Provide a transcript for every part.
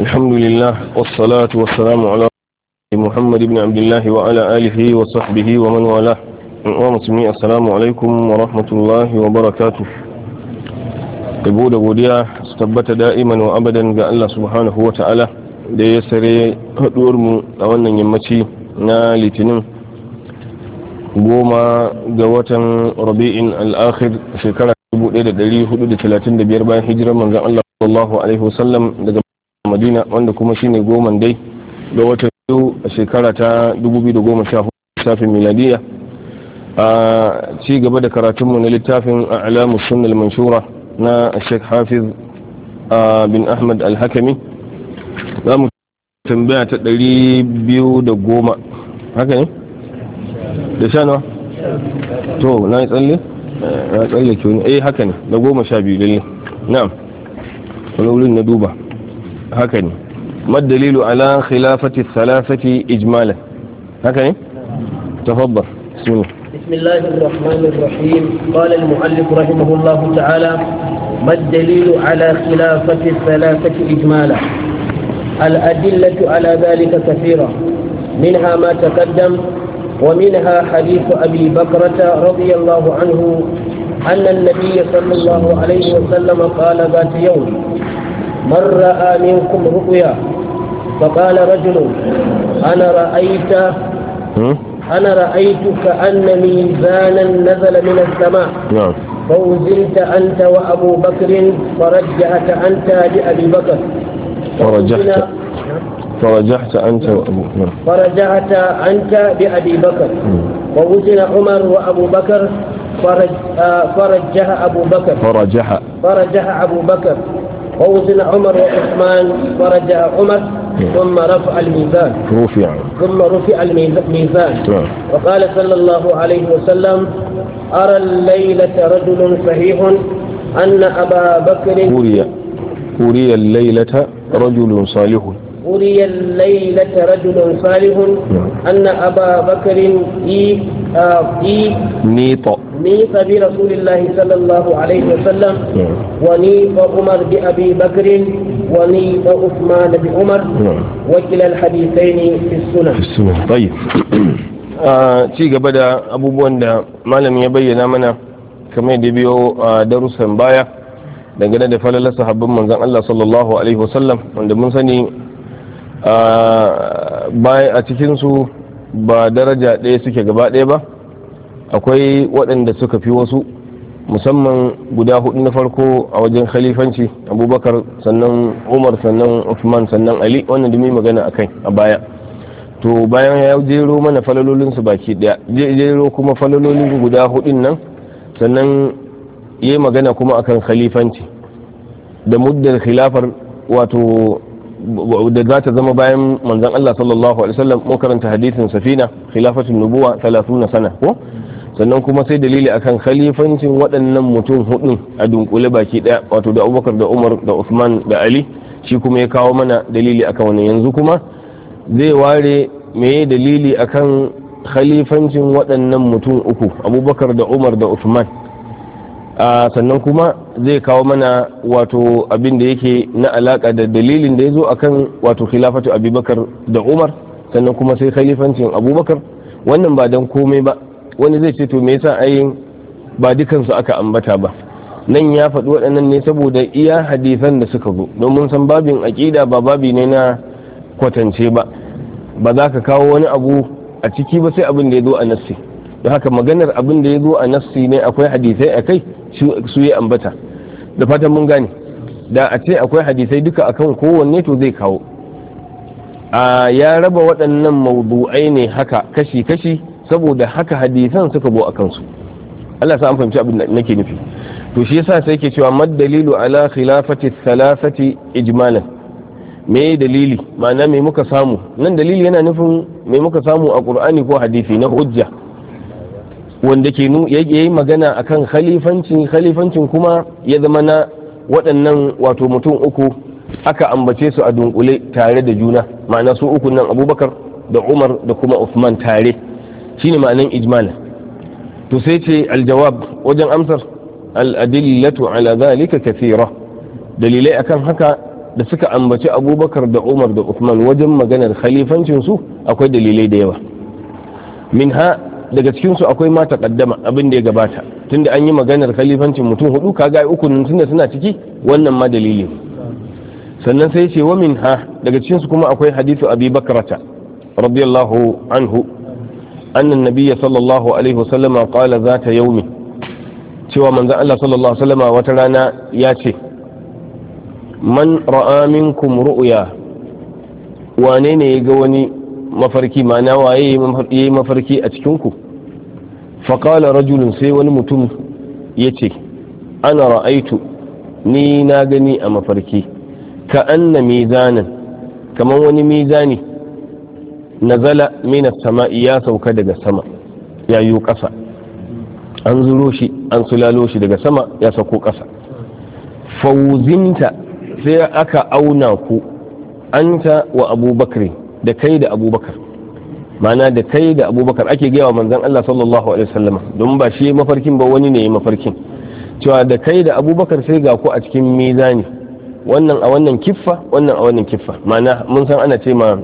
الحمد لله والصلاة والسلام على محمد بن عبد الله وعلى آله وصحبه ومن والاه ومسلمين السلام alaikum wa rahmatullahi wa barakatu yabo da godiya su tabbata da'iman wa abadan ga Allah subhanahu wa ta'ala da ya sare haduwar mu a wannan yammaci na litinin goma ga watan rabi'in al'akhir shekara 1435 bayan hijira manzon Allah alaihi daga madina wanda kuma shine goman dai ga watan biyu a shekara ta 2014 shafin miladiya a ci gaba da karatunmu na littafin a alamu sunnal manshura na sheikh hafiz bin ahmad alhakami za mu tambaya ta 210 haka ne da sha nawa to na yi tsalle eh, na tsalle ke wani eh haka ne da goma sha biyu lalle Na, wani wurin na duba haka ne madalilu ala khilafati thalathati ijmalan haka ne tafaddal bismillah بسم الله الرحمن الرحيم قال المؤلف رحمه الله تعالى ما الدليل على خلافة الثلاثة إجمالا الأدلة على ذلك كثيرة منها ما تقدم ومنها حديث أبي بكرة رضي الله عنه أن النبي صلى الله عليه وسلم قال ذات يوم من رأى منكم رؤيا فقال رجل أنا رأيت أنا رأيت كأن ميزانا نزل من السماء نعم فوزنت أنت وأبو بكر فرجعت أنت لأبي بكر فرجعت فرجعت أنت وأبو نعم فرجعت أنت بأبي بكر ووزن عمر وأبو بكر فرج آه، فرجها أبو بكر فرجها فرجها أبو بكر ووزن عمر وعثمان ورجع عمر ثم رفع الميزان رفع ثم رفع الميزان وقال صلى الله عليه وسلم أرى الليلة رجل صحيح أن أبا بكر أري الليلة رجل صالح قري الليلة رجل صالح أن أبا بكر إي نيط نيط برسول الله صلى الله عليه وسلم ونيط عمر بأبي بكر ونيط عثمان بعمر وكلا الحديثين في السنن في السنن طيب ci gaba da abubuwan da malam ya bayyana mana kamar da a darussan baya dangane da falalar sahabban manzon Allah sallallahu alaihi wasallam wanda mun sani a cikinsu ba daraja ɗaya suke gaba ɗaya ba akwai waɗanda suka fi wasu musamman guda hudu na farko a wajen khalifanci abubakar sannan umar sannan uthman sannan ali wannan dumi magana akai a baya to bayan ya jero mana falalolinsu baki daya jero kuma falalolin guda hudun nan sannan ya magana kuma akan khalifanci da muddar khilafar wato da za ta zama bayan manzon Allah sallallahu alaihi wasallam mun karanta hadisin safina khilafatul nubuwa 30 sana ko sannan kuma sai dalili akan khalifancin waɗannan mutum hudun a dunkule baki ɗaya wato da Abubakar da Umar da Uthman da Ali shi kuma ya kawo mana dalili akan wannan yanzu kuma zai ware meye dalili akan khalifancin waɗannan mutum uku Abubakar da Umar da usman. sannan kuma zai kawo mana wato abin da yake na alaka da dalilin da ya zo akan wato khilafatu abubakar da umar sannan kuma sai khalifancin abubakar wannan ba don komai ba wani zai ce to me yasa ayin ba dukansu aka ambata ba nan ya faɗi waɗannan ne saboda iya hadisan da suka zo domin san babin aƙida ba babi ne na kwatance ba ba za ka kawo wani abu a ciki ba sai abin da ya zo a nassi da haka maganar abin da ya zo a nassi ne akwai hadisai a kai su yi ambata da fatan mun gane da a ce akwai hadisai duka akan kowanne to zai kawo a ya raba waɗannan mawdu'ai ne haka kashi-kashi saboda haka hadisan suka bo a kansu Allah sa an fahimci abin da nake nufi to shi yasa sai ke cewa mad dalilu ala khilafati thalathati ijmalan me dalili ma'ana me muka samu nan dalili yana nufin me muka samu a qur'ani ko hadisi na hujja wanda ke yayi magana akan khalifancin khalifancin kuma ya zama na waɗannan wato mutum uku aka ambace su a dunkule tare da juna ma'ana su uku nan abubakar da umar da kuma usman tare shine ma'anan ijmal to sai ce aljawab wajen amsar al'adillatu ala zalika kathira dalilai akan haka da suka ambaci abubakar da umar da usman wajen maganar khalifancin su akwai dalilai da yawa minha daga cikinsu akwai mata kaddama abin da ya gabata tunda an yi maganar khalifancin mutum hudu kaga uku tunda suna ciki wannan ma dalili sannan sai ce wa min ha daga cikinsu kuma akwai hadithu abi bakrata radiyallahu anhu anna nabiyya sallallahu alaihi wasallam qala zata yawmi. cewa manzon Allah sallallahu alaihi wasallam wata rana ya ce man ra'a minkum ru'ya wane ne ya ga wani mafarki ma'ana waye ya yi mafarki a cikin ku faƙala rajulun sai wani mutum ya ce ana ra'aitu ni na gani a mafarki ka anna mizanin kamar wani mizani nazala mina sama'i ya sauka daga sama ya yi ƙasa an zuro shi an sulalo shi daga sama ya sauko ƙasa fauzinta sai aka auna ku anta wa abubakar da kai da abubakar mana da kai da abubakar ake gaya wa manzan allah sallallahu alaihi wasallam don ba shi mafarkin ba wani ne mafarkin cewa da kai da abubakar sai ga ku a cikin mizani wannan a wannan kiffa wannan a wannan kiffa mana mun san ana ce ma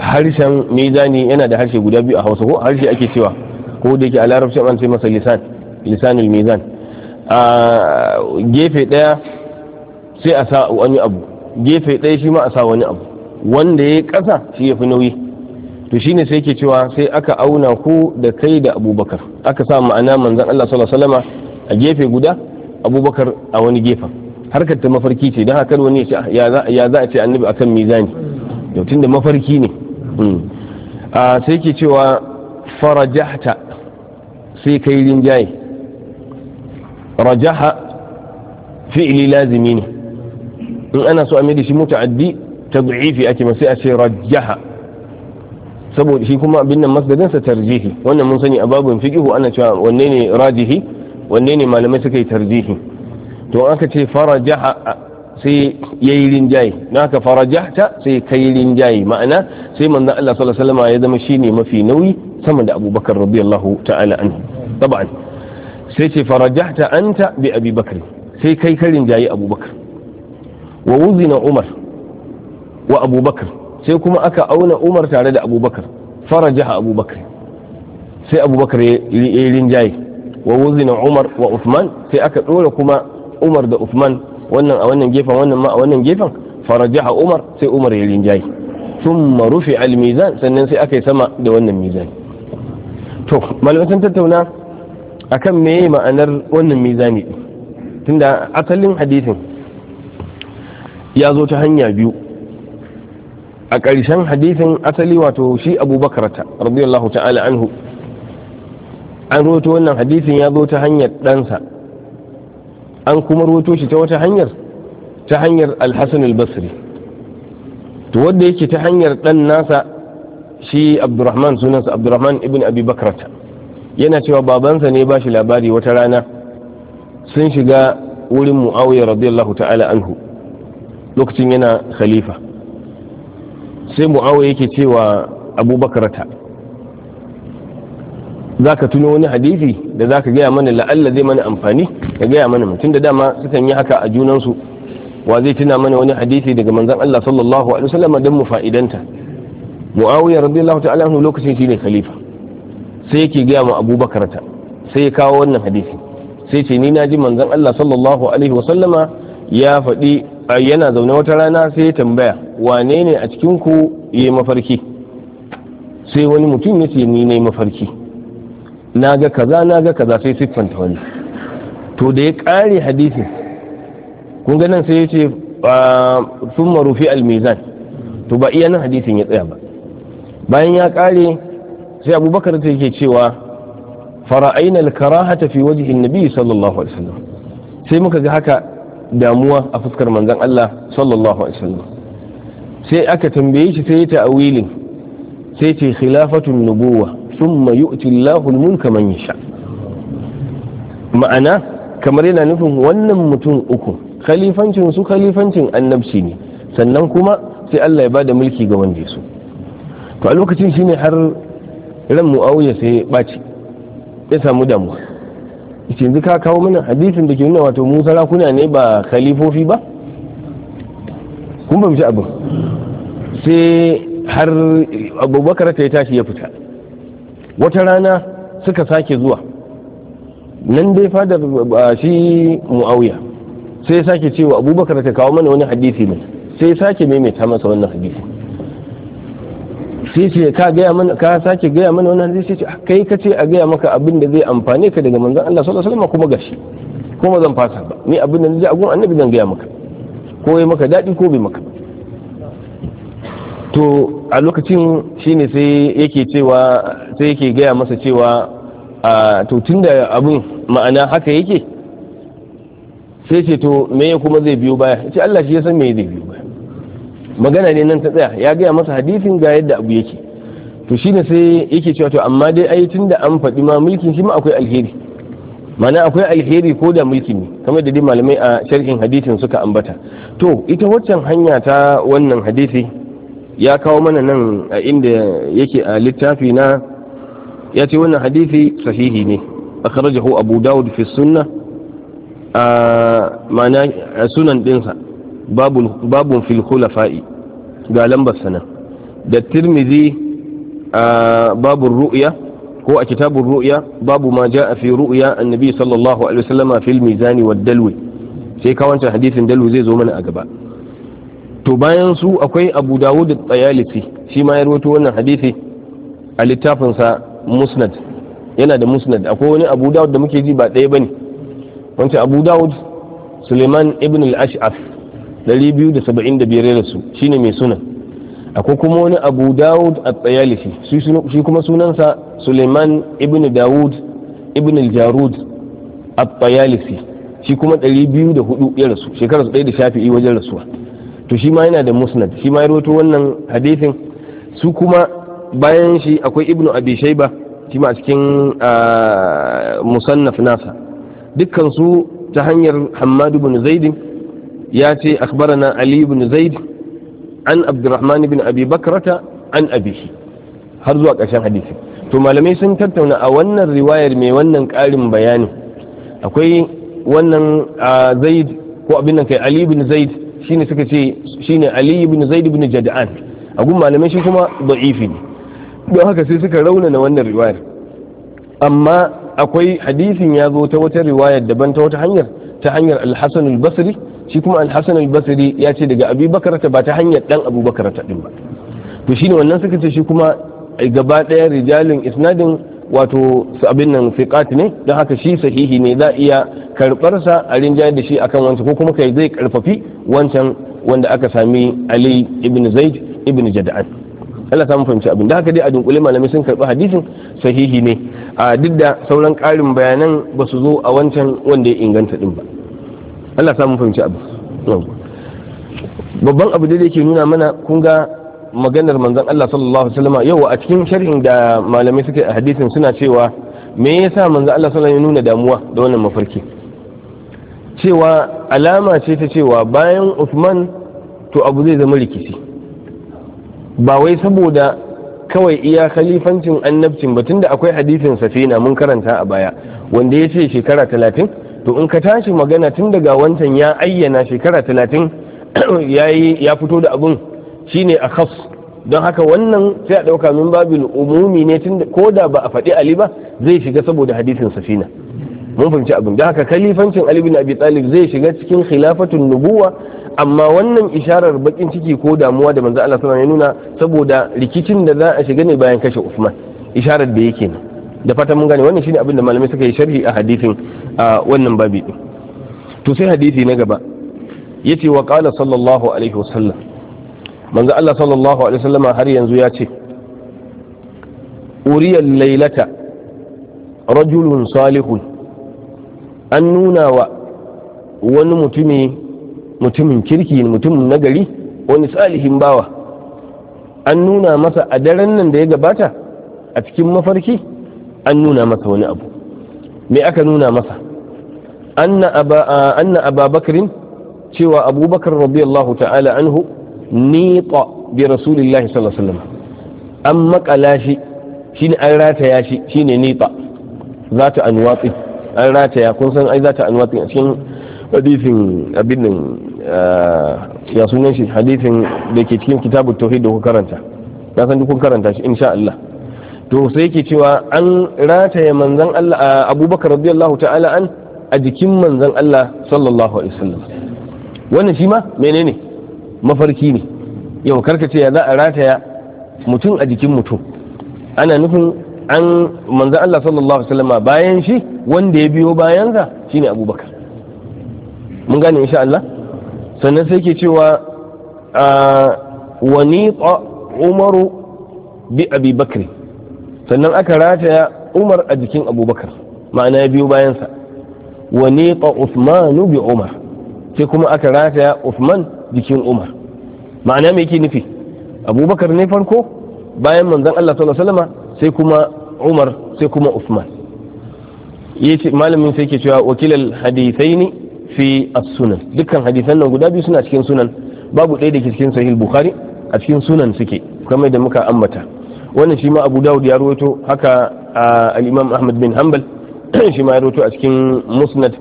harshen mizani yana da harshe guda biyu a hausa ko harshe ake cewa ko da yake a larabci an ce masa lisan lisanul mizan gefe daya sai a sa wani abu gefe daya shi ma a wani abu wanda ya kasa shi ya fi nauyi to shine sai yake cewa sai aka auna ku da kai da abubakar aka sa ma'ana manzan Allah sallallahu a gefe guda abubakar a wani gefen harkar ta mafarki ce don haka wani ah, ya za a ce annabi akan mizani yau da mafarki ne hmm. sai ke cewa farajahta sai kai rinjaye rajaha fi'ili lazimi ne in ana so a mai da shi muta'addi ta ake sai a ce rajaha saboda shi kuma abin nan masdarinsa tarjihi wannan mun sani a babin fiqhu ana cewa wanne ne rajihi wanne ne malamai suka yi tarjihi to aka ce farajaha sai yayi rinjaye na aka farajahta sai kai rinjaye ma'ana sai manzon Allah sallallahu alaihi wasallam ya zama shine mafi nauyi sama da Abubakar radiyallahu ta'ala anhu taban sai ce farajahta anta bi Abi Bakr sai kai ka rinjaye Abubakar wa wuzina Umar wa Abubakar sai kuma aka auna umar tare da abubakar jiha abubakar sai abubakar ya rinjaye wa wuzina umar wa uthman sai aka ɗora kuma umar da uthman wannan a wannan gefen wannan ma a wannan gefen jiha umar sai umar ya rinjaye thumma rufi al mizan sannan sai aka yi sama da wannan mizan to malamai sun tattauna akan me ma'anar wannan mizani tunda asalin hadisin ya zo ta hanya biyu a ƙarshen hadisin asali wato shi abubakar ta radiyallahu ta'ala anhu an roto wannan hadisin ya zo ta hanyar ɗansa an kuma roto shi ta wata hanyar ta hanyar alhassan albasri to wadda yake ta hanyar ɗan nasa shi abdurrahman sunansa abdurrahman ibn abi bakarata yana cewa babansa ne ba shi labari wata rana sun shiga wurin mu'awiyar radiyallahu ta'ala anhu lokacin yana khalifa sai mu'awai yake cewa abubakar ta za ka tuno wani hadisi da za ka gaya mana la'alla zai mana amfani ka gaya mana mutum da dama sukan yi haka a junansu wa zai tuna mana wani hadisi daga manzan Allah sallallahu alaihi wasallam don mu fa'idanta mu'awiya radiyallahu ta'ala anhu lokacin ne khalifa sai yake gaya mu abubakar ta sai ya kawo wannan hadisi sai ce ni na ji manzan Allah sallallahu alaihi wasallama ya faɗi yana zaune wata rana sai ya tambaya wane ne a cikin ku ya yi mafarki sai wani mutum ya ce ni ne mafarki na ga kaza na ga kaza sai siffanta wani to da ya ƙare hadisin kun ga nan sai ya ce sun marufi almizan to ba iya nan hadisin ya tsaya ba bayan ya ƙare sai abubakar ta yake cewa fara'ainal ta fi wajihin nabi sallallahu alaihi wasallam sai muka ga haka damuwa a fuskar manzon Allah sallallahu alaihi wasallam sai aka tambaye shi sai ya awilin sai ce khilafatun nubuwa sun mayu, Allahu mun kamar man sha ma'ana kamar yana nufin wannan mutum uku khalifancin su khalifancin annabci ne sannan kuma sai Allah ya ba da mulki ga wanda su to a lokacin shine har ran mu'awiya sai ya ɓaci ya samu damuwa yanzu ka kawo mana hadisin da ke nuna wato mu sarakuna ne ba khalifofi ba kun fahimci abin sai har abubakar ta ya tashi ya fita wata rana suka sake zuwa nan dai fada shi mu'awiya sai sake cewa abubakar ta kawo mana wani hadisi ne sai sake maimaita masa wannan hadisi sai ce ka gaya mana ka sake gaya mana wannan hadisi ce kai ka ce a gaya maka abin da zai amfane ka daga manzon Allah sallallahu alaihi wasallam kuma gashi kuma zan fasa ba ni abin da naji a gun annabi zan gaya maka ko yayi maka dadi ko bai maka to a lokacin shine sai yake cewa sai yake gaya masa cewa a to tunda abin ma'ana haka yake sai ce to me kuma zai biyo baya ce Allah shi ya san me zai biyo magana ne nan ta tsaya ya gaya masa hadisin ga yadda abu yake to shine sai yake cewa to amma dai ai tunda an faɗi ma mulkin shi ma akwai alheri mana akwai alheri ko da mulki ne kamar da dai malamai a sharhin hadisin suka ambata to ita waccan hanya ta wannan hadisi ya kawo mana nan a inda yake a littafi na ya ce wannan hadisi sahihi ne akhrajahu abu dawud fi sunna a mana sunan dinsa babun fil khulafa'i ga lambar sana da tirmidhi a babur ru'ya ko a kitabun ru'ya babu ma ja a fi ru'ya annabi sallallahu alaihi wasallama fil mizani wa dalwi sai ka wancan hadisin dalwi zai zo mana a gaba to bayan su akwai abu dawud da tsayalisi shi ma ya rawaito wannan hadisi a littafinsa musnad yana da musnad akwai wani abu dawud da muke ji ba ɗaya bane wancan abu dawud suleiman ibn al-ash'af 275 ya rasu shine mai suna akwai kuma wani abu dawud a tsayalifi shi kuma sunansa suleiman ibn dawud ibn jarud a tsayalifi shi kuma 204 ya rasu shekarar su ɗaya da shafi'i wajen rasuwa to shi ma yana da musnad shi ma ya rawaito wannan hadithin. su kuma bayan shi akwai ibn abi shaiba shi ma a cikin musannaf nasa dukkan su ta hanyar hammadu bin zaidin ya ce akhbarana ali ibn zaid an abdurrahman ibn abi bakrata an abihi har zuwa ƙarshen hadisi to malamai sun tattauna a wannan riwayar mai wannan ƙarin bayani akwai wannan zaid ko abin nan kai ali ibn zaid shine suka ce shine ali ibn zaid ibn jad'an a gun malamai shi kuma da'ifi ne don haka sai suka raunana wannan riwayar amma akwai hadisin ya zo ta wata riwayar daban ta wata hanyar ta hanyar alhassan albasri shi kuma alhassan albasri ya ce daga abi bakarata ba ta hanyar dan abu bakarata din ba to shine wannan suka ce shi kuma gaba daya rijalin isnadin wato abin nan fiqat ne don haka shi sahihi ne za iya karbar sa a rinjaye da shi akan wancan ko kuma kai zai karfafi wancan wanda aka sami ali ibn zaid ibn jada'an Allah ta fahimci abin da haka dai a dunkule malamai sun karɓi hadisin sahihi ne a duk da sauran ƙarin bayanan ba su zo a wancan wanda ya inganta din ba Allah ta fahimci abin babban abu da yake nuna mana kun ga maganar manzon Allah sallallahu alaihi wasallam yau a cikin sharhin da malamai suka a hadisin suna cewa me yasa manzon Allah sallallahu alaihi ya nuna damuwa da wannan mafarki cewa alama ce ta cewa bayan Uthman to abu zai zama rikici ba wai saboda kawai iya khalifancin annabcin ba tunda akwai hadisin safina mun karanta a baya wanda ya ce shekara talatin to in ka tashi magana tun daga wancan ya ayyana shekara talatin ya fito da abun shine a khas don haka wannan sai a ɗauka min babin umumi ne tun ko da ba a faɗi ali ba zai shiga saboda hadisin safina mun fahimci abin don haka kalifancin ali bin abi talib zai shiga cikin khilafatun nubuwa amma wannan isharar bakin ciki ko damuwa da manzo Allah sana ya nuna saboda rikicin da za a shiga ne bayan kashe Uthman isharar da yake da fata mun gane wannan shine abin da malamai suka yi sharhi a hadisin a wannan babi din to sai hadisi na gaba yace wa qala sallallahu alaihi wasallam manzo Allah sallallahu alaihi wasallam har yanzu ya ce uriya Laylata rajulun salihun an nuna wa wani mutumi mutumin kirki mutumin nagari wani salihin bawa an nuna masa a daren nan da ya gabata a cikin mafarki an nuna masa wani abu me aka nuna masa anna ababakarin cewa abubakar radiyallahu ta'ala anhu niqa bi rasulillahi sallallahu alaihi an makala shi shi ne an rataya shi shi ne niqa zata anwati an rataya kun san ai zata anwati a cikin hadisin abin nan ya sunan shi hadithin da ke cikin kitabu tauhid da ku karanta ya san duk karanta shi insha Allah to sai yake cewa an rataye manzon Allah Abubakar radiyallahu ta'ala an a jikin manzon Allah sallallahu alaihi wasallam wannan shi ma menene mafarki ne yau karkace ya za a rataya mutum a jikin mutum ana nufin an manzon Allah sallallahu alaihi wasallam bayan shi wanda ya biyo bayan bayansa shine Abubakar mun gane insha Allah sannan sai ke cewa wani umaru bi abi bakri sannan aka rataya umar a jikin abubakar ma'ana ya biyo bayansa wani usmanu bi umar sai kuma aka rataya usman jikin umar ma'ana me yake nufi abubakar ne farko bayan manzon allah sallallahu alaihi sai kuma umar sai kuma usman yace malamin sai ke cewa wakilal ne. fi as-sunan dukkan hadisan nan guda biyu suna cikin sunan babu ɗaya da ke cikin sahih bukhari a cikin sunan suke kamar da muka ambata wannan shi ma abu dawud ya rawaito haka al-imam ahmad bin hanbal shi ma ya rawaito a cikin musnad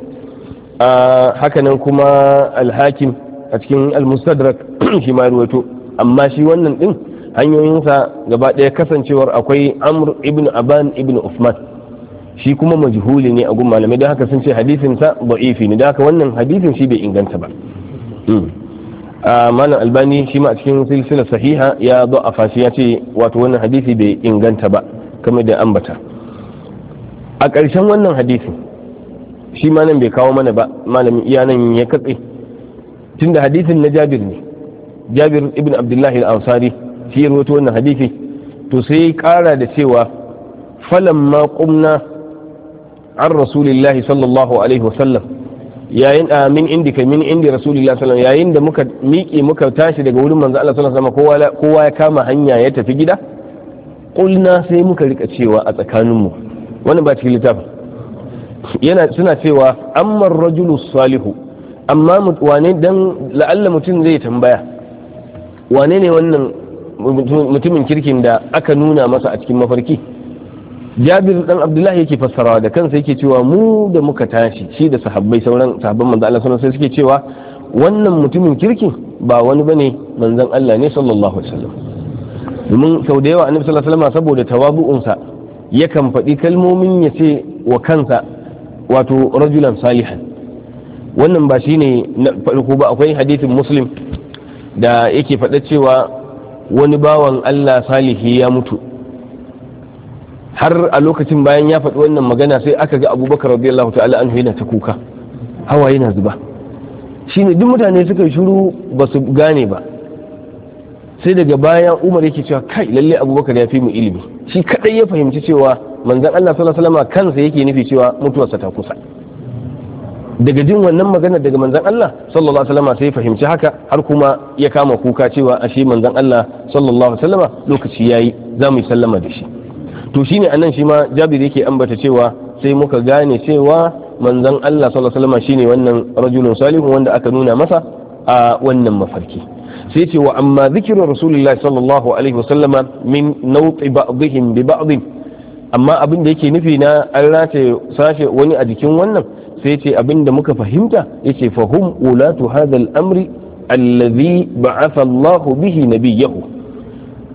haka nan kuma al-hakim a cikin al-mustadrak shi ma ya rawaito amma shi wannan din hanyoyinsa gaba ɗaya kasancewar akwai amr ibn aban ibn usman shi kuma majhuli ne a gun malamai don haka sun ce hadisin sa da'ifi ne don haka wannan hadisin shi bai inganta ba hmm. A malam albani shi ma a cikin silsila sahiha ya zo a fashi ya ce wato wannan hadisi bai inganta ba kamar da ambata a ƙarshen wannan hadisin shi ma nan bai kawo mana ba malamin iya nan ya katse tunda hadisin na jabir ne jabir ibn abdullahi al-ansari shi ya rubuta wannan hadisi to sai ya ƙara da cewa falamma kumna. an rasulillahi sallallahu alaihi wasallam yayin a ah, min indi kai min indi rasulillahi sallallahu yayin da muka miƙe muka tashi daga wurin manzo Allah sallallahu alaihi wasallam kowa ya kama hanya ya tafi gida kulna sai muka rika cewa a tsakaninmu wannan ba cikin littafin yana suna cewa amma rajulu salihu amma wane dan la'alla mutum zai tambaya wane ne wannan mutumin kirkin da aka nuna masa a cikin mafarki jabir dan abdullahi yake fassarawa da kansa yake cewa mu da muka tashi shi da sahabbai sauran sahabban manzo Allah sallallahu alaihi suke cewa wannan mutumin kirki ba wani bane manzon Allah ne sallallahu alaihi wasallam domin sau da yawa annabi sallallahu alaihi wasallam saboda tawabu'unsa yakan faɗi kalmomin ya ce wa kansa wato rajulan salihan wannan ba shine na farko ba akwai hadithin muslim da yake faɗa cewa wani bawan Allah salihi ya mutu har a lokacin bayan ya faɗi wannan magana sai aka ga abubakar radiyallahu ta'ala anhu yana ta kuka hawa yana zuba shine duk mutane suka yi shiru ba su gane ba sai daga bayan umar yake cewa kai lalle abubakar ya fi mu ilimi shi kadai ya fahimci cewa manzan Allah sallallahu alaihi wasallam kansa yake nufi cewa mutuwarsa ta kusa daga jin wannan magana daga manzan Allah sallallahu alaihi wasallam sai fahimci haka har kuma ya kama kuka cewa ashe manzan Allah sallallahu alaihi wasallam lokaci yayi za mu yi sallama da shi to shine anan shi ma jabir yake ambata cewa sai muka gane cewa manzon Allah sallallahu alaihi shine wannan rajulun salihun wanda aka nuna masa a wannan mafarki sai ce wa amma zikirin rasulullahi sallallahu alaihi wasallama min nauti ba'dihim bi ba'd amma abin da yake nufi na an race sashe wani a jikin wannan sai ce abin da muka fahimta yace fahum ulatu hadha al-amri alladhi ba'atha allahu bihi nabiyahu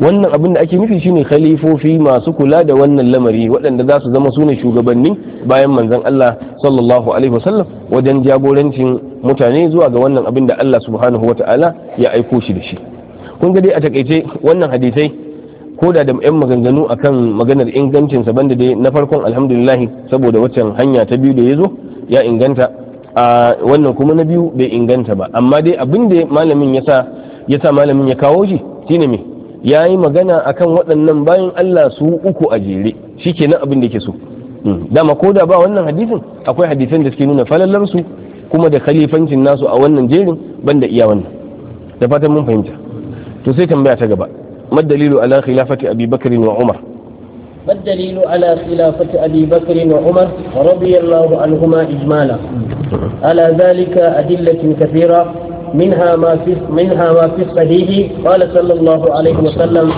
wannan abin da ake nufi shine khalifofi masu kula da wannan lamari waɗanda za su zama su ne shugabanni bayan manzon Allah sallallahu alaihi wasallam wajen jagorancin mutane zuwa ga wannan abin da Allah subhanahu wata'ala ya aiko shi da shi kun ga dai a takaice wannan hadisai ko da da yan maganganu akan maganar ingancin sa banda dai na farkon alhamdulillah saboda waccan hanya ta biyu da yazo zo ya inganta a wannan kuma na biyu bai inganta ba amma dai abin da malamin ya sa malamin ya kawo shi shine me ya yi magana akan waɗannan bayan Allah su uku a jere shi ke abin da ke so hmm. dama ko da ba wannan hadisin akwai hadisan da suke nuna falalarsu kuma da khalifancin nasu a wannan jerin da iya wannan da fatan mun fahimta to sai tambaya ta gaba mad dalilu ala khilafati abi bakr wa umar ala khilafati abi wa umar radiyallahu anhuma ijmala hmm. ala zalika adillatin kathira منها ما في منها ما في الصحيح قال صلى الله عليه وسلم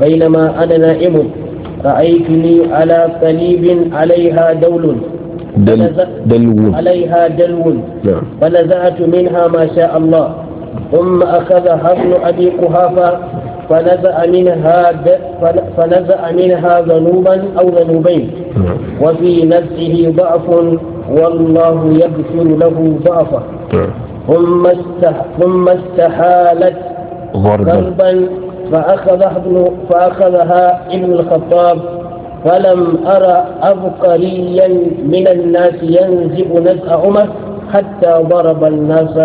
بينما انا نائم رايتني على صليب عليها دول دلو عليها دلو نعم. فنزعت منها ما شاء الله ثم اخذها ابن ابي قحافه فنزع منها فنزع منها ذنوبا او ذنوبين نعم. وفي نزعه ضعف والله يغفر له ضعفه نعم. ثم ثم استحالت ضربا فأخذها ابن فأخذها ابن الخطاب فلم أرى عبقريا من الناس ينزف نزع عمر حتى ضرب الناس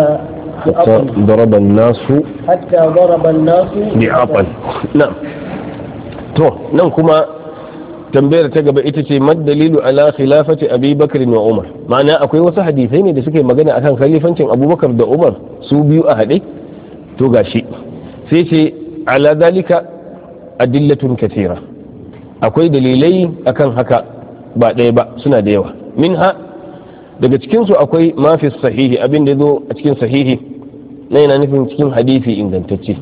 حتى ضرب الناس حتى ضرب الناس بعطل نعم تو نعم كما tambayar ta gaba ita ce mad dalilu ala khilafati abi bakr wa umar ma'ana akwai wasu hadisai ne da suke magana akan khalifancin abubakar da umar su biyu a haɗe to gashi sai ce ala dalika adillatun katira akwai dalilai akan haka ba ɗaya ba suna da yawa min ha daga cikinsu akwai mafi sahihi abin da zo a cikin sahihi na yana nufin cikin hadisi ingantacce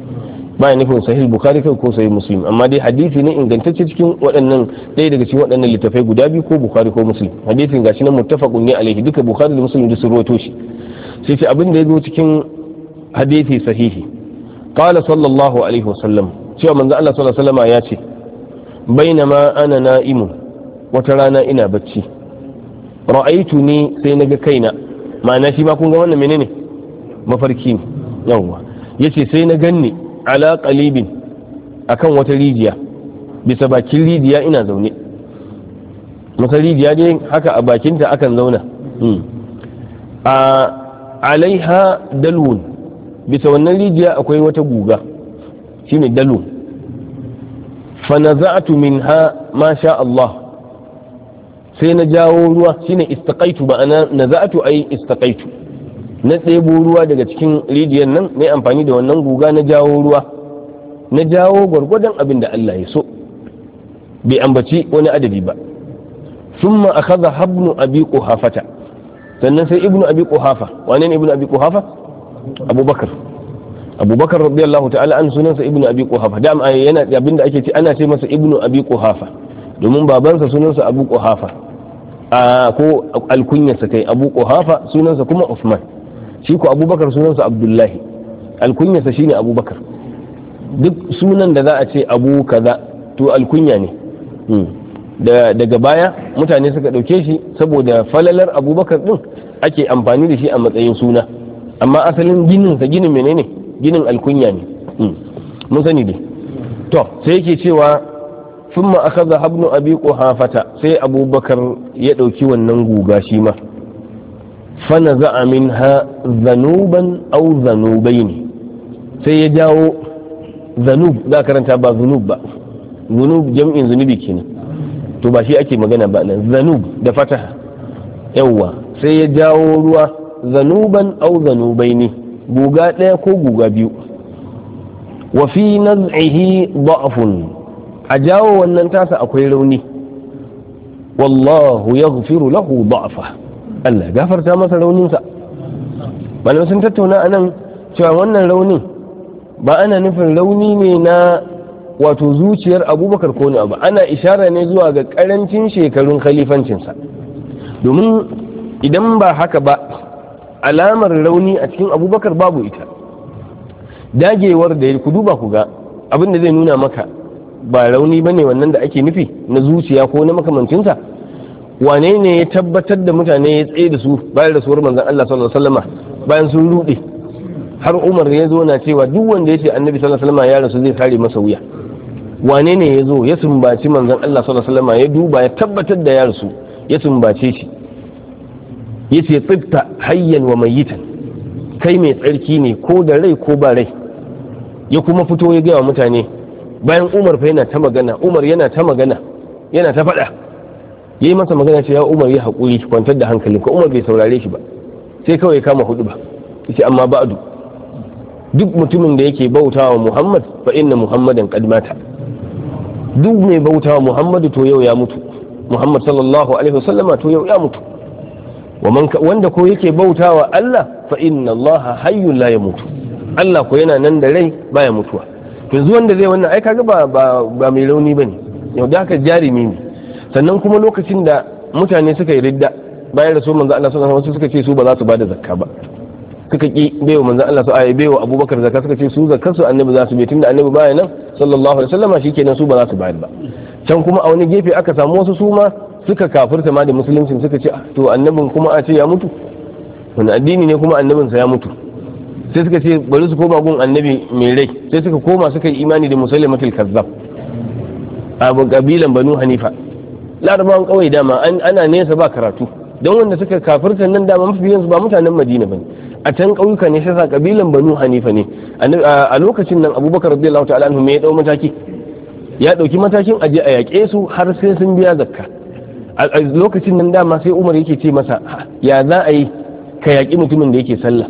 ba nufin sahih bukhari kai ko sahih muslim amma dai hadisi ne ingantacce cikin waɗannan ɗaya daga cikin waɗannan littafai guda biyu ko bukhari ko muslim hadisin gashi nan muttafaqun ne alaihi duka bukhari da muslim duk sun rawaito shi sai ce abin da ya zo cikin hadisi sahihi qala sallallahu alaihi wasallam cewa manzo Allah sallallahu alaihi wasallam ya ce bainama ana na'imu wata rana ina bacci ra'aitu ni sai naga kaina ma'ana shi ba kun ga wannan menene mafarki ne yawwa yace sai na ganni ala qalibin akan wata rijiya bisa bakin rijiya ina zaune wata rijiya ne haka a bakinta akan zauna hmm. a alaiha dalwun bisa wannan rijiya akwai wata guga shine dalwun fa minha ma sha Allah sai na jawo ruwa shine istaqaitu ma'ana naza'tu ai istaqaitu na ɗebo ruwa daga cikin rijiyar nan na amfani da wannan guga na jawo ruwa na jawo gwargwadon abin da Allah ya so bai ambaci wani adadi ba Sun a kaza habnu abi kuhafata sannan sai ibnu abi kuhafa wane ne ibnu abi kuhafa abubakar abubakar radiyallahu ta'ala an sunansa ibnu abi quhafa da yana da ake ce ana ce masa ibnu abi kuhafa domin babansa sunansa abu kuhafa a ah, ko alkunyarsa kai abu kuhafa sunansa kuma usman shi ko abubakar sunansa abdullahi alkunyarsa shine abubakar duk sunan da za a ce abu kaza to alkunya ne hmm. daga baya mutane suka ɗauke shi saboda falalar abubakar ɗin ake amfani da shi a matsayin suna amma asalin gininsa ginin menene ginin alkunya ne hmm. mun sani dai to sai yake cewa sun ma'akaza habnu abi hafata sai abubakar ya ɗauki wannan guga shi ma فنزع منها ذنوبا أو ذنوبين سيجاو ذنوب لا كرنتا با ذنوب با ذنوب جمع ذنوبي كنا to ba shi ake magana ba nan zanub da fataha yauwa sai ya jawo ruwa zanuban au zanubai ne guga ɗaya ko guga biyu wa fi naz'ihi da'fun a jawo wannan tasa akwai rauni wallahu yaghfiru lahu da'fa Allah gafarta masa rauninsa malamai sun tattauna nan cewa wannan raunin ba ana nufin rauni ne na wato zuciyar abubakar ko ne abu ana ishara ne zuwa ga karancin shekarun khalifancinsa domin idan ba haka ba alamar rauni a cikin abubakar babu ita dagewar da ya ku duba ku ga abin da zai nuna maka ba rauni ba ne wannan da ake nufi na zuciya ko na makamancinsa wane ne ya tabbatar da mutane ya tsaye da su bayan da suwar manzan Allah sallallahu alaihi wasallam bayan sun rude har Umar ya zo na cewa duk wanda ya ce Annabi sallallahu alaihi wasallam ya rasu zai sare masa wuya wane ne ya zo ya sumbaci manzan Allah sallallahu alaihi wasallam ya duba ya tabbatar da ya rasu ya sumbace shi ya ce tsibta hayyan wa mayitan kai mai tsarki ne ko da rai ko ba rai ya kuma fito ya gaya wa mutane bayan Umar fa yana ta magana Umar yana ta magana yana ta faɗa yi masa magana ce ya umar ya hakuri kwantar da hankalin ko umar bai saurare shi ba sai kawai ya kama hudu ba yace amma ba'du duk mutumin da yake bautawa Muhammad fa inna Muhammadan qad mata duk mai bautawa Muhammad to yau ya mutu Muhammad sallallahu alaihi wasallama to yau ya mutu wanda ko yake bautawa Allah fa inna Allah hayyun la yamutu Allah ko yana nan da rai baya mutuwa yanzu wanda zai wannan ai kaga ba ba mai rauni bane yau da haka jarimi ne sannan kuma lokacin da mutane suka yi ridda bayan rasul manzo Allah sallallahu alaihi suka ce su ba za su bada zakka ba suka ki baiwa manzo Allah su ayi baiwa Abubakar zakka suka ce su zakkar su annabi za su tun tunda annabi baya nan sallallahu alaihi wasallama shikenan su ba za su bayar ba can kuma a wani gefe aka samu wasu su ma suka kafirta ma da musulunci suka ce ah, to annabin kuma a ce ya mutu wani addini ne kuma sa ya mutu sai suka ce bari su koma gun annabi mai rai sai suka koma suka yi imani da musulmatul kazzab abu kabilan banu hanifa larabawan kawai dama ana nesa ba karatu don wanda suka kafirta nan dama mafi yanzu ba mutanen madina ba a can ƙauyuka ne sai kabilan banu hanifa ne a lokacin nan abubakar radiyallahu ta'ala anhu me ya dau mataki ya dauki matakin aje a yaƙe su har sai sun biya zakka a lokacin nan dama sai umar yake ce masa ya za a yi ka yaƙi mutumin da yake sallah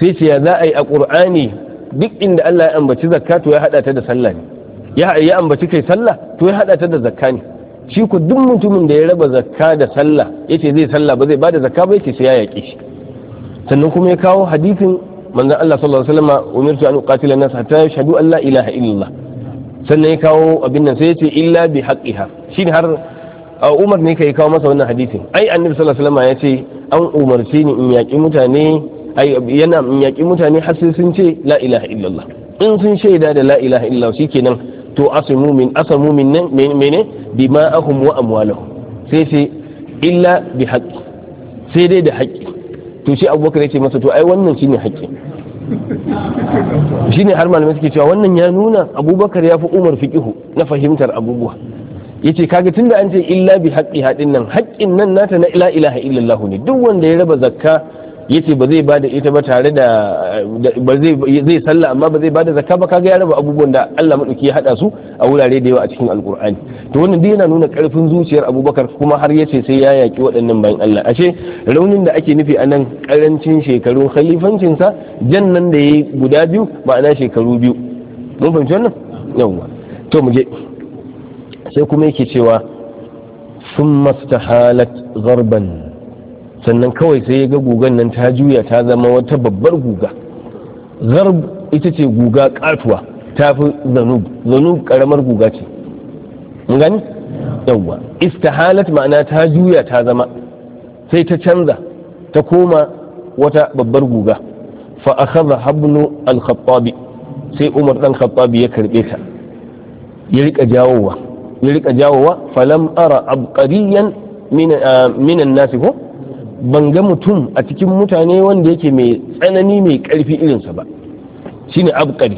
sai ce ya za a yi a ƙur'ani duk inda Allah ya ambaci zakka to ya haɗa ta da sallah ne ya ambaci kai sallah to ya haɗa ta da zakka ne shi ku duk mutumin da ya raba zakka da sallah yace zai sallah ba zai bada zakka ba yace sai ya yaƙi shi sannan kuma ya kawo hadisin manzon Allah sallallahu alaihi wasallam umirtu an uqatila nas hatta yashhadu an la ilaha illallah sannan ya kawo abin nan sai yace illa bi haqqiha shi har Umar ne kai kawo masa wannan hadisin ai annabi sallallahu alaihi wasallam yace an umarci ni in yaƙi mutane ai yana in yaƙi mutane har sai sun ce la ilaha illallah in sun shaida da la ilaha illallah shikenan to asamu min asamu min mene ahum wa amwalahum sai sai illa bi haqqi sai dai da haqqi to shi abubakar ya ce masa to ai wannan shine haqqi shine har malamai suke cewa wannan ya nuna abubakar ya fi umar fiqihu na fahimtar abubuwa yace kaga tunda an ce illa bi haqqi hadin nan haqqin nan nata na ila ilaha illallah ne duk wanda ya raba zakka yace ba zai bada ita ba tare da ba zai zai sallah amma ba zai bada zakka ba kaga ya raba abubuwan da Allah madauki ya hada su a wurare da yawa a cikin alkur'ani to wannan dai yana nuna karfin zuciyar Abubakar kuma har yace sai ya yaki waɗannan bayan Allah ashe raunin da ake nufi anan karancin shekarun khalifancin sa jannan da yayi guda biyu ma'ana shekaru biyu mun fahimci wannan yawa to mu sai kuma yake cewa summa stahalat gharban sannan kawai sai ya ga gugan nan ta juya ta zama wata babbar guga zarb ita ce guga katuwa ta fi zanub zanub karamar guga ce mun gani yawwa istihalat ma'ana ta juya ta zama sai ta canza ta koma wata babbar guga fa akhadha habnu al-khattabi sai Umar dan Khattabi ya karbe ta ya rika jawowa ya rika jawowa falam ara abqariyan min ah, min an ko ban ga mutum a cikin mutane wanda yake mai tsanani mai karfi irinsa ba shine abqari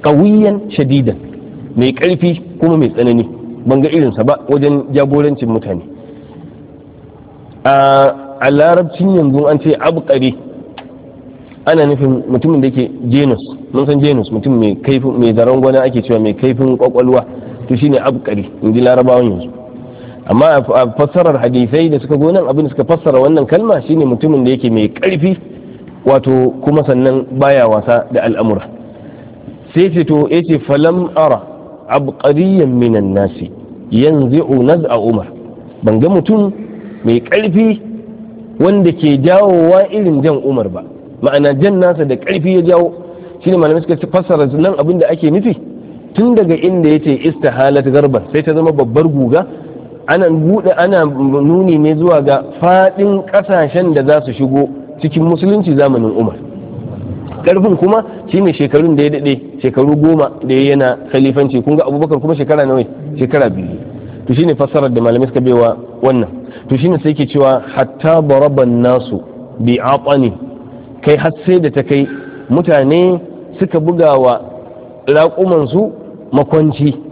qawiyan shadidan mai karfi kuma mai tsanani ban ga irinsa ba wajen jagorancin mutane a larabcin yanzu an ce abqari ana nufin mutumin da ke genus mun san genus mutum mai kaifin gwana ake cewa mai kaifin kwakwalwa to shine abqari in ji larabawan yanzu amma a fassarar hadisai da suka gonan abin da suka fassara wannan kalma shine mutumin da yake mai karfi wato kuma sannan baya wasa da al'amura sai ce to yace falam ara abqariyan minan nasi yanzu naz'a umar ban ga mutum mai karfi wanda ke jawowa irin jan umar ba ma'ana jan nasa da karfi ya jawo shine malamai suka fassara nan abin da ake nufi tun daga inda yace istihalat garban sai ta zama babbar guga ana buɗe ana nuni ne zuwa ga faɗin ƙasashen da za su shigo cikin musulunci zamanin umar karfin kuma shine shekarun da ya dade, shekaru goma da ya yana khalifanci kun ga abubakar kuma shekara nawa shekara biyu to shine fassarar da malamai suka baiwa wannan to shine sai ke cewa hatta baraban nasu bi aqani kai har sai da ta kai mutane suka bugawa su makwanci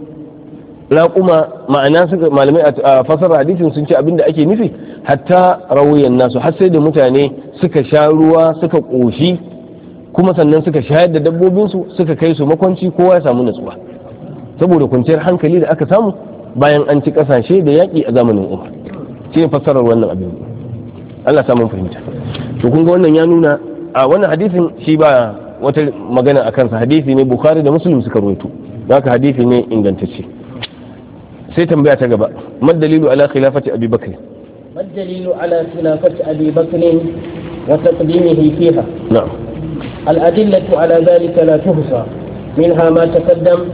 kuma ma'ana suka malamai a fasar hadisin sun ce da ake nufi hatta rawuyan nasu har sai da mutane suka sha ruwa suka ƙoshi kuma sannan suka shayar da dabbobinsu suka kai su makwanci kowa ya samu natsuwa saboda kwanciyar hankali da aka samu bayan an ci kasashe da yaƙi a zamanin umar ce fassarar wannan abin Allah samun fahimta to kun ga wannan ya nuna a wannan hadisin shi ba wata magana a kansa hadisi ne bukhari da muslim suka rawaito haka hadisi ne ingantacce sai tambaya ta gaba mad dalilu ala khilafati abi bakr mad dalilu ala khilafati abi bakr wa taqdimihi fiha na'am al adillatu ala dhalika la tuhsa minha ma taqaddam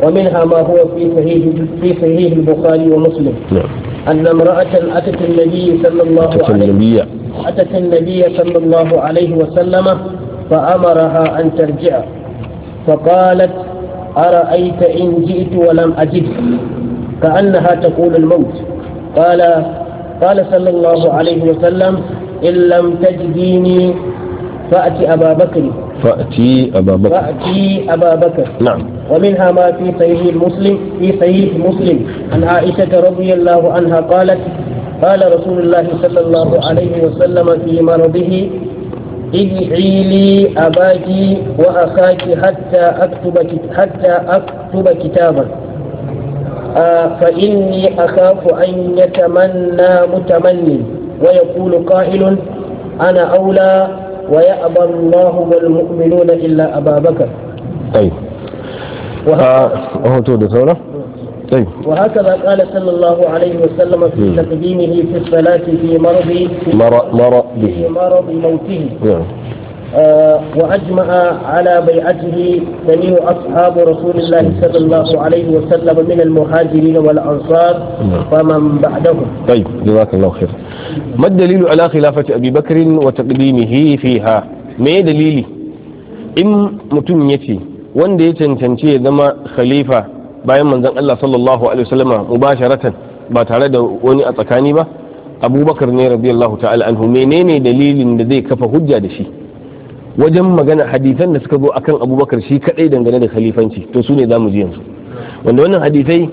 wa minha ma huwa fi sahih fi sahih al bukhari wa muslim أن امرأة أتت النبي صلى الله عليه وسلم أتت النبي صلى الله عليه وسلم فأمرها أن ترجع فقالت أرأيت إن جئت ولم أجد كأنها تقول الموت قال قال صلى الله عليه وسلم إن لم تجديني فأتي أبا بكر فأتي أبا بكر فأتي أبا بكر نعم ومنها ما في صحيح مسلم في صحيح مسلم عن عائشة رضي الله عنها قالت قال رسول الله صلى الله عليه وسلم في مرضه ادعي لي أباك وأخاك حتى أكتب حتى أكتب كتابا فإني أخاف أن يتمنى متمني ويقول قائل أنا أولى ويأبى الله والمؤمنون إلا أبا بكر طيب وهكذا, آه. طيب. وهكذا قال صلى الله عليه وسلم في تقديمه في الصلاة في مرض في مرض, مرض موته نعم. آه، وأجمع على بيعته جميع أصحاب رسول الله صلى الله عليه وسلم من المهاجرين والأنصار ومن بعدهم طيب جزاك الله خير ما الدليل على خلافة أبي بكر وتقديمه فيها ما دليلي إن متنيتي وان ديتن تنتي ذما خليفة بايما من الله صلى الله عليه وسلم مباشرة باتارد وني أتكاني با أبو بكر رضي الله تعالى عنه منين دليل ان دي كفا هجا wajen magana hadisan da suka zo akan abubakar shi kadai dangane da khalifanci to su ne za mu ji yanzu wanda wannan hadisai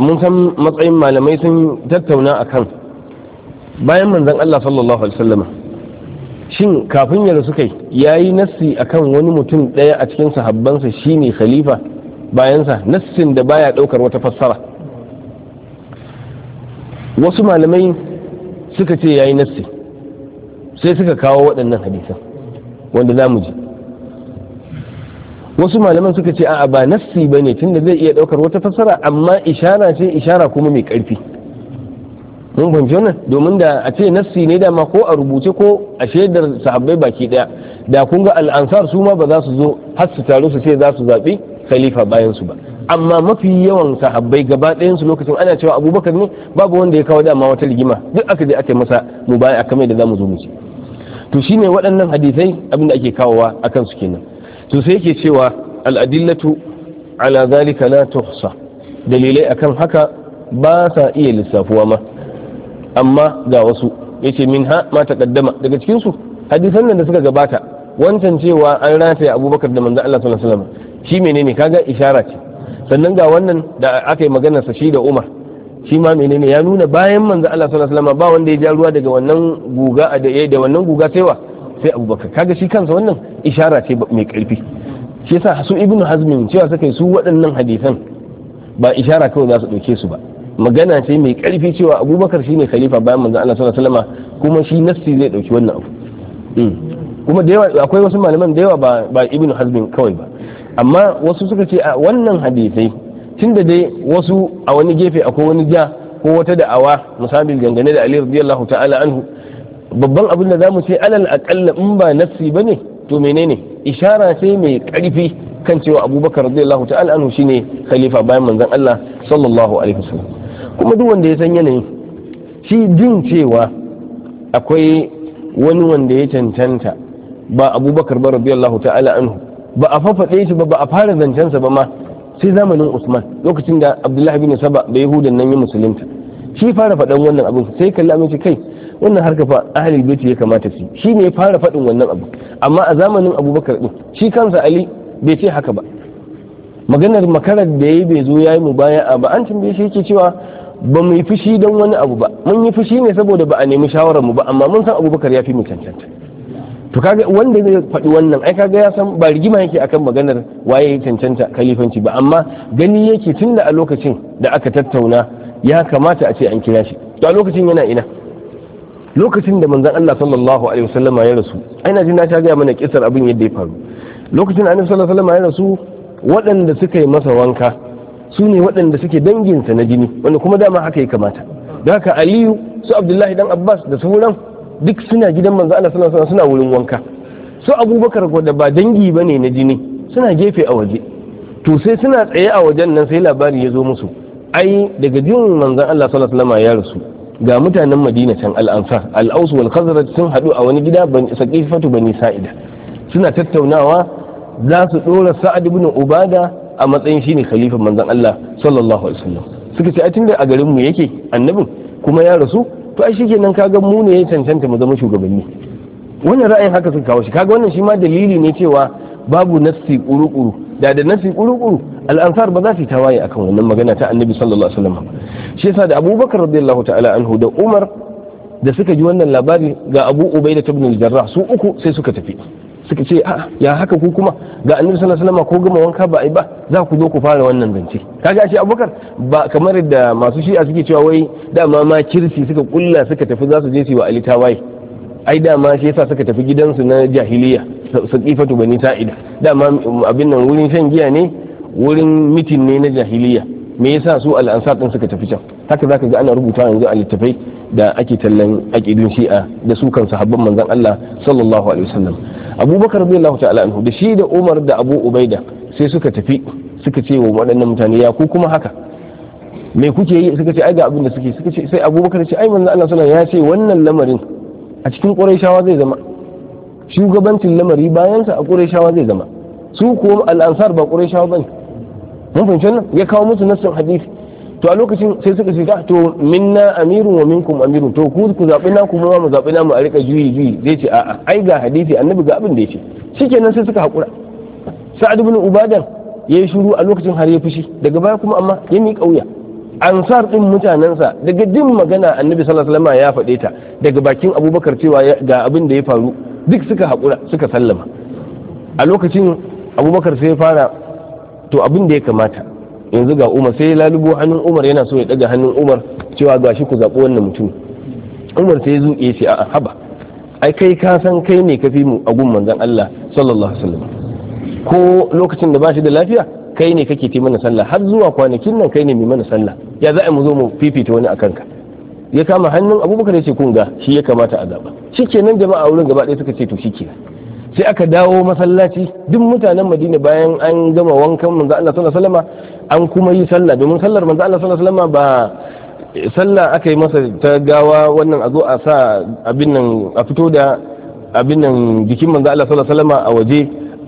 mun san matsayin malamai sun tattauna akan bayan manzon Allah sallallahu alaihi wasallam shin kafin ya rasu kai yayi nassi akan wani mutum daya a cikin sahabbansa shine khalifa bayansa nassin da baya daukar wata fassara wasu malamai suka ce yayi nassi sai suka kawo waɗannan hadisan wanda za mu ji wasu malaman suka ce a'a ba nassi ba ne tunda zai iya ɗaukar wata fassara amma ishara ce ishara kuma mai karfi mun fahimci wannan domin da a ce nassi ne dama ko a rubuce ko a shaidar sahabbai baki ɗaya da kun ga al'ansar su ma ba za su zo har su taru su ce za su zaɓi khalifa bayan su ba amma mafi yawan sahabbai gaba ɗayansu lokacin ana cewa abubakar ne babu wanda ya kawo dama wata rigima duk aka je aka masa mu baya kamar da za mu zo mu ci to shi ne waɗannan hadisai abinda ake kawowa akan su kenan to sai yake cewa al'adillatu ala zalika la tuhsa dalilai akan haka ba sa iya lissafuwa ma amma ga wasu yace min ha ma taqaddama daga cikin su hadisan nan da suka gabata wancan cewa an rataya abubakar da manzo Allah sallallahu alaihi wasallam shi menene kaga ishara ce sannan ga wannan da aka yi sa shi da Umar shi ma menene ya nuna bayan manzo Allah sallallahu alaihi wasallam ba wanda ya ja ruwa daga wannan guga da da wannan guga sai wa sai Abubakar kaga shi kansa wannan ishara ce mai karfi shi yasa Hasu ibnu Hazmin cewa suka yi su waɗannan hadisan ba ishara kawai za su ɗauke su ba magana ce mai karfi cewa Abubakar shine khalifa bayan manzo Allah sallallahu alaihi wasallam kuma shi nafsi zai ɗauki wannan abu hmm. kuma da yawa akwai wasu malaman da yawa ba ibnu Hazmin kawai ba amma wasu suka ce a wannan hadisai tun da dai wasu a wani gefe akwai wani ja ko wata da'awa musamman dangane da ali radiyallahu ta'ala anhu babban abin da za mu ce alal aqalla in ba nafsi ne? to menene ishara ce mai karfi kan cewa abubakar radiyallahu ta'ala anhu shine khalifa bayan manzon Allah sallallahu alaihi wasallam kuma duk wanda ya san yanayin shi jin cewa akwai wani wanda ya cancanta ba abubakar ba radiyallahu ta'ala anhu ba a fafaɗe shi ba ba a fara zancensa ba ma sai zamanin usman lokacin da abdullahi bin saba da yahudan nan yi musulunta shi fara faɗan wannan abin sai kalli ce kai wannan harka fa ahlul baiti ya kamata su shi ne ya fara faɗin wannan abu amma a zamanin abubakar din shi kansa ali bai ce haka ba maganar makarar da yayi bai zo yayi mu baya ba an tambaye shi yake cewa ba mu yi fushi don wani abu ba mun yi fushi ne saboda ba a nemi shawarar mu ba amma mun san abubakar ya fi mu cancanta to kaga wanda zai faɗi wannan ai kaga ya san ba rigima yake akan maganar waye ya cancanta kalifanci ba amma gani yake tun da a lokacin da aka tattauna ya kamata a ce an kira shi to a lokacin yana ina lokacin da manzon Allah sallallahu alaihi wasallam ya rasu ai na ji na ta ga mana kisar abin yadda ya faru lokacin annabi sallallahu alaihi wasallam ya rasu waɗanda suka yi masa wanka su ne waɗanda suke danginsa na jini wanda kuma dama haka ya kamata da haka aliyu su abdullahi dan abbas da sauran duk suna gidan manzo Allah sallallahu alaihi suna wurin wanka su abubakar gwada ba dangi bane na jini suna gefe a waje to sai suna tsaye a wajen nan sai labari ya zo musu ai daga jin manzo Allah sallallahu alaihi ya rasu ga mutanen Madina can al-Ansar al-Aus wal Khazraj sun hadu a wani gida ban Saqifatu bani Sa'ida suna tattaunawa za su dora Sa'ad ibn Ubada a matsayin shine khalifan manzon Allah sallallahu alaihi wasallam suka ce a tunda a garin mu yake annabi. kuma ya rasu to ai nan kaga mu ne ya cancanta mu zama shugabanni wannan ra'ayin haka suka kawo shi kaga wannan shi ma dalili ne cewa babu nafsi kurukuru da da nafsi kuru al'ansar ba za su yi tawaye akan wannan magana ta annabi sallallahu alaihi wasallam shi yasa da abubakar radiyallahu ta'ala anhu da umar da suka ji wannan labari ga abu ubaida ibn al-jarrah su uku sai suka tafi suka ce a ah, ya haka ku kuma ga annabi sallallahu alaihi wasallam ko gama wanka ba ai ba za ku zo ku fara wannan zance kaga ashe abubakar ba kamar da masu shi'a suke cewa wai dama ma kirsi suka kulla suka tafi za su je su wa ali tawaye ai dama shi yasa suka tafi gidansu na jahiliya sakifatu bani sa'ida dama abin nan wurin shan giya ne wurin mitin ne na jahiliya me yasa su al'ansar din suka tafi can haka zaka ga ana rubuta yanzu a littafai da ake tallan aqidun shi'a da su kan sahabban manzon Allah sallallahu alaihi wasallam abubakar lafi ta'ala anhu da shi da umar da abu ubaida sai suka tafi suka ce wa waɗannan mutane ya ku kuma haka me kuke yi suka ce ai ga abin da suke suka ce sai abubakar ce ai manzo Allah sallallahu ya ce wannan lamarin a cikin shawa zai zama shugabancin lamari bayan sa a shawa zai zama su kuwa al-ansar ba qurayshawa bane mun fahimci nan ya kawo musu nassin hadisi to a lokacin sai suka ce ah, to minna amirun wa minkum amirun to ku ku zabi na kuma mu zabi na mu a rika juyi juyi zai ce a'a ai ga hadisi annabi ga abin da yake shikenan sai suka hakura sa'ad ibn ubadan yayi shiru a lokacin har ya fushi daga baya kuma amma ya mi kauya ansar din mutanansa daga jin magana annabi sallallahu alaihi wasallam ya fade ta daga bakin abubakar cewa ga abin da ya faru duk suka hakura suka sallama a lokacin abubakar sai ya fara to abin da ya kamata yanzu ga umar sai ya lalubo hannun umar yana so ya daga hannun umar cewa ga shi ku zaɓi wannan mutum umar sai ya zuƙe shi a haba ai kai ka san kai ne ka fi mu a gumman zan Allah sallallahu alaihi ko lokacin da ba shi da lafiya kai ne kake mana sallah har zuwa kwanakin nan kai ne mai mana sallah ya za a mu zo mu fifita wani a kanka? ya kama hannun abubakar ya ce kun ga shi ya kamata a zaɓa nan jama'a wurin gaba ɗaya suka ce to shikenan sai aka dawo masallaci duk mutanen madina bayan an gama wankan manzo Allah sallallahu alaihi an kuma yi sallah domin sallar manzo Allah sallallahu alaihi wasallam ba sallah aka yi masa ta gawa wannan a zo a sa abin nan a fito da abin nan jikin manzo Allah sallallahu alaihi wasallam a waje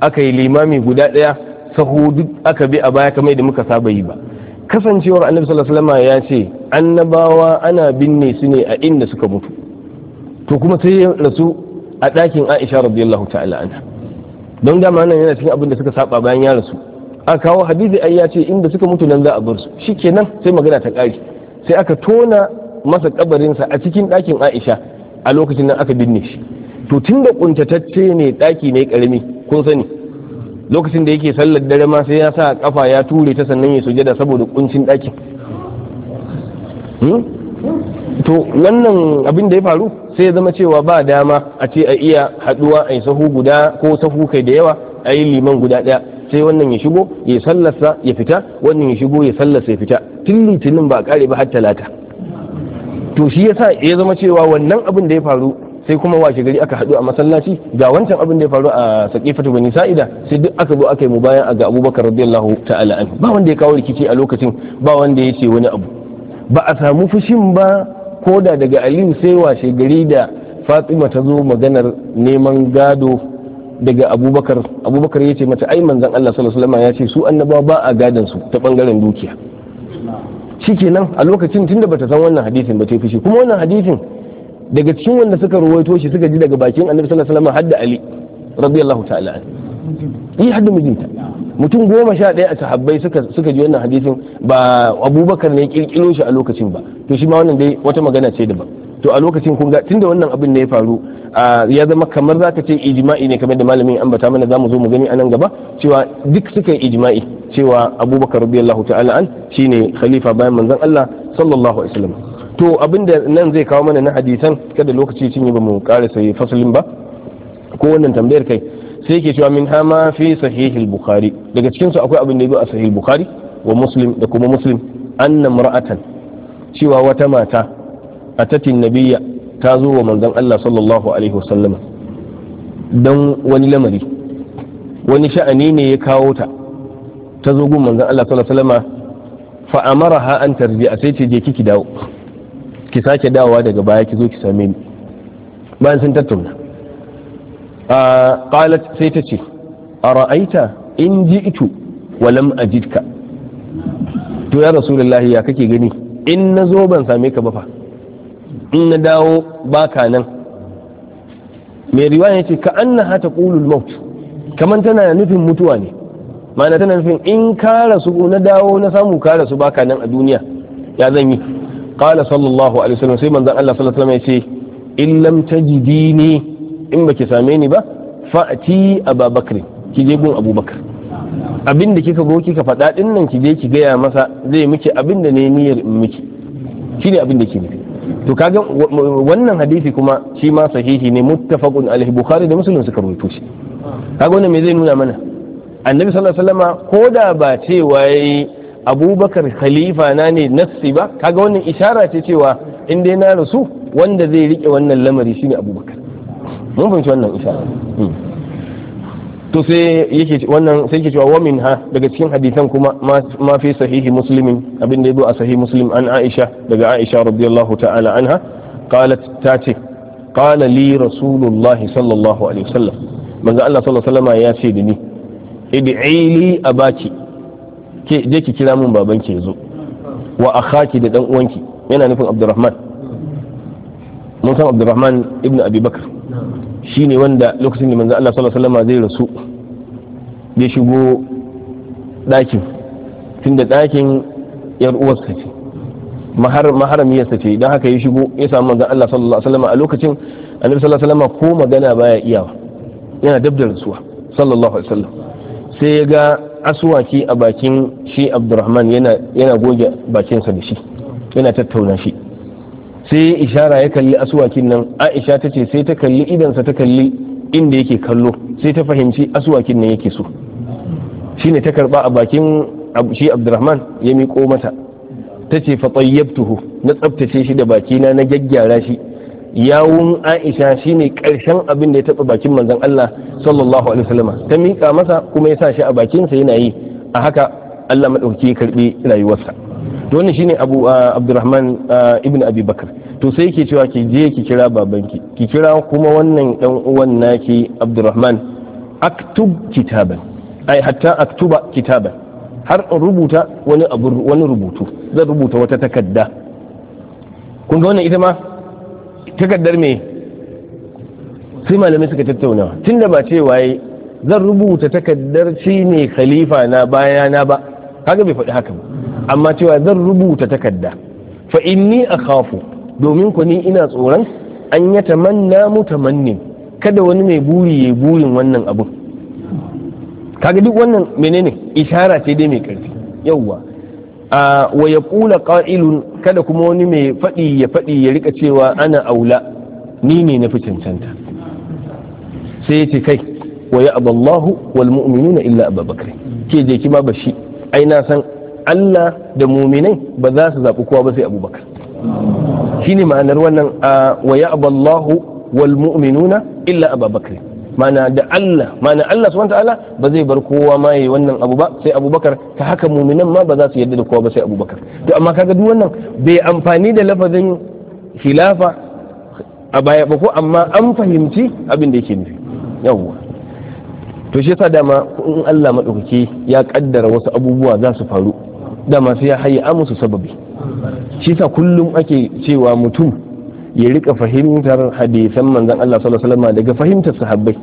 aka yi limami guda daya sahu duk aka bi a baya kamar da muka saba yi ba kasancewar annabi sallallahu alaihi wasallam ya ce annabawa ana binne su ne a inda suka mutu to kuma sai ya rasu a ɗakin Aisha radiyallahu ta'ala anha don dama nan yana cikin abin da suka saba bayan ya rasu a kawo hadisi ai ya ce inda suka mutu nan za a bar su shikenan sai magana ta kare sai aka tona masa kabarinsa a cikin ɗakin Aisha a lokacin nan aka binne shi to tun da kuntatacce ne ɗaki ne karami kun sani lokacin da yake sallar dare ma sai ya sa kafa ya ture ta sannan ya sujada saboda kuncin ɗakin hmm? to wannan abin da ya faru sai ya zama cewa ba dama a ce a iya haduwa a sahu guda ko sahu kai da yawa a yi liman guda ɗaya sai wannan ya shigo ya sallarsa ya fita wannan ya shigo ya sallasa ya fita tun litinin ba a kare ba har talata to shi yasa ya zama cewa wannan abin da ya faru sai kuma washe gari aka haɗu a masallaci ga wancan abin da ya faru a saƙifatu bani sa'ida sai duk aka zo aka yi mu bayan ga abubakar radiyallahu ta'ala an ba wanda ya kawo rikici a lokacin ba wanda ya ce wani abu ba a samu fushin ba ko da daga aliyu sai washe gari da fatima ta zo maganar neman gado daga abubakar abubakar ya ce mata ai manzan allah sallallahu alaihi ya ce su annabawa ba a gadon su ta bangaren dukiya shikenan a lokacin tunda bata san wannan hadisin ba ta fushi kuma wannan hadisin daga cikin wanda suka ruwaito shi suka ji daga bakin annabi sallallahu alaihi wasallam hadda ali radiyallahu ta'ala yi hadda mijinta mutum goma sha ɗaya a sahabbai suka ji wannan hadisin ba abubakar ne kirkiro shi a lokacin ba to shi ma wannan dai wata magana ce daban to a lokacin kun ga tunda wannan abin da ya faru ya zama kamar za ka ce ijima'i ne kamar da malamin bata mana za mu zo mu gani a nan gaba cewa duk suka yi ijima'i? cewa abubakar radiyallahu ta'ala an shine khalifa bayan manzon Allah sallallahu alaihi wasallam to abinda nan zai kawo mana na hadisan kada lokaci cinye ba mu karasa fasalin ba ko wannan tambayar kai sai ke cewa min hama fi sahihil daga cikinsu akwai abin da ya a sahihil al wa muslim da kuma muslim anna mar'atan cewa wata mata a atatin nabiyya ta zo wa manzon Allah sallallahu alaihi wasallam don wani lamari wani sha'ani ne ya kawo ta ta zo gun manzon Allah sallallahu alaihi wasallam fa ha an a sai ce je kiki dawo ki sake dawowa daga baya ki zo ki same ni bayan sun tattauna qalat sai ta ce ara'aita in ji'tu wa lam ajidka to ya rasulullahi ya kake gani in na zo ban same ka ba fa in na dawo baka nan mai riwaya ya ce ka an na hata ƙulul maut kamar tana nufin mutuwa ne ma'ana tana nufin in ka rasu na dawo na samu ka rasu baka nan a duniya ya zan yi ƙala sallallahu alaihi wasallam sai manzon Allah sallallahu alaihi wasallam ya ce in lam tajidini in baki same ni ba fa'ati ababakar ki je gun abubakar abin da kika zo kika faɗa ɗin nan ki je ki gaya masa zai miki abin da ne niyyar miki shine abin da ke nufi to kaga wannan hadisi kuma shi ma sahihi ne muttafaqun alaihi bukhari da muslim suka rubuto shi kaga wannan me zai nuna mana annabi sallallahu alaihi wasallama ko da ba cewa yayi abubakar khalifa na ne nafsi ba kaga wannan ishara ce cewa in dai na rasu wanda zai rike wannan lamari shine abubakar mun fahimci wannan isharar hmm. to sai yake wannan sai yake cewa wamin ha daga cikin hadisan kuma ma fi sahihi muslimin abin da yazo a sahihi muslim an aisha daga aisha radiyallahu ta'ala anha qalat tati qala li rasulullah sallallahu alaihi wasallam manzo Allah sallallahu alaihi wasallam ya ce da ni id'i li abaki ke je ki kira mun ki yazo wa akhaki da dan uwanki yana nufin abdurrahman mun san abdurrahman ibnu abubakar Shi ne wanda lokacin da manzo Allah sallallahu alaihi wasallam zai rasu ya shigo ɗakin tunda ɗakin yar uwarsa ce maharamiyarsa ce idan haka ya shigo ya samu manzo Allah sallallahu alaihi wasallam a lokacin annabi sallallahu alaihi wasallam ko magana baya iyawa yana dab da rasuwa sallallahu alaihi wasallam sai ya ga asuwaki a bakin shi Abdurrahman yana yana goge bakinsa da shi yana tattauna shi sai ishara ya kalli asuwakin nan aisha ta ce sai ta kalli idansa ta kalli inda yake kallo sai ta fahimci asuwakin nan yake so shine ta karba a bakin shi abdurrahman ya miƙo mata ta ce fatayyabtuhu na tsabtace shi da bakina na gyaggyara shi yawun aisha shine ƙarshen abin da ya taɓa bakin manzon Allah sallallahu alaihi wasallam ta miƙa masa kuma ya sa shi a bakinsa yana yi a haka Allah maɗauki ya karɓi rayuwarsa to wannan shine abu uh, abdurrahman uh, ibn abi bakar to sai yake cewa ki je ki kira babanki ki kira kuma wannan dan uwan naki abdurrahman aktub kitaban ai hatta aktuba kitaban har in rubuta wani abu wani rubutu zan rubuta wata takarda kun ga wannan ita ma takardar me sai malamai suka tattauna tunda ba ce waye zan rubuta takardar shine khalifa na baya na ba kaga bai faɗi haka ba amma cewa zan rubuta takarda fa inni akhafu domin ku ni ina tsoron an ya tamanna mutamannin kada wani mai buri ya burin wannan abun kaga duk wannan menene ishara ce dai mai karfi yawwa wa ya kula ƙa'ilun kada kuma wani mai faɗi ya faɗi ya rika cewa ana aula ni ne na fi cancanta sai ya ce kai wa ya aballahu wal mu'minuna illa abubakar ke je ki ba shi ai na san Allah da muminai ba za su zaɓi kowa ba sai abubakar shine ma'anar wannan a wa ya'ballahu wal mu'minuna illa abubakar Ma'ana da Allah ma'ana Allah subhanahu ta'ala ba zai bar kowa ma yi wannan abu ba sai abubakar ta haka muminan ma ba za su yarda da kowa ba sai abubakar to amma kaga duk wannan bai amfani da lafazin khilafa a baya ba ko amma an fahimci abin da yake nufi yawwa to shi yasa dama in Allah madaukake ya kaddara wasu abubuwa za su faru dama sai ya hayya amsu sababi shi yasa kullum ake cewa mutum ya rika fahimtar hadisan manzon Allah sallallahu alaihi wasallam daga fahimtar sahabbai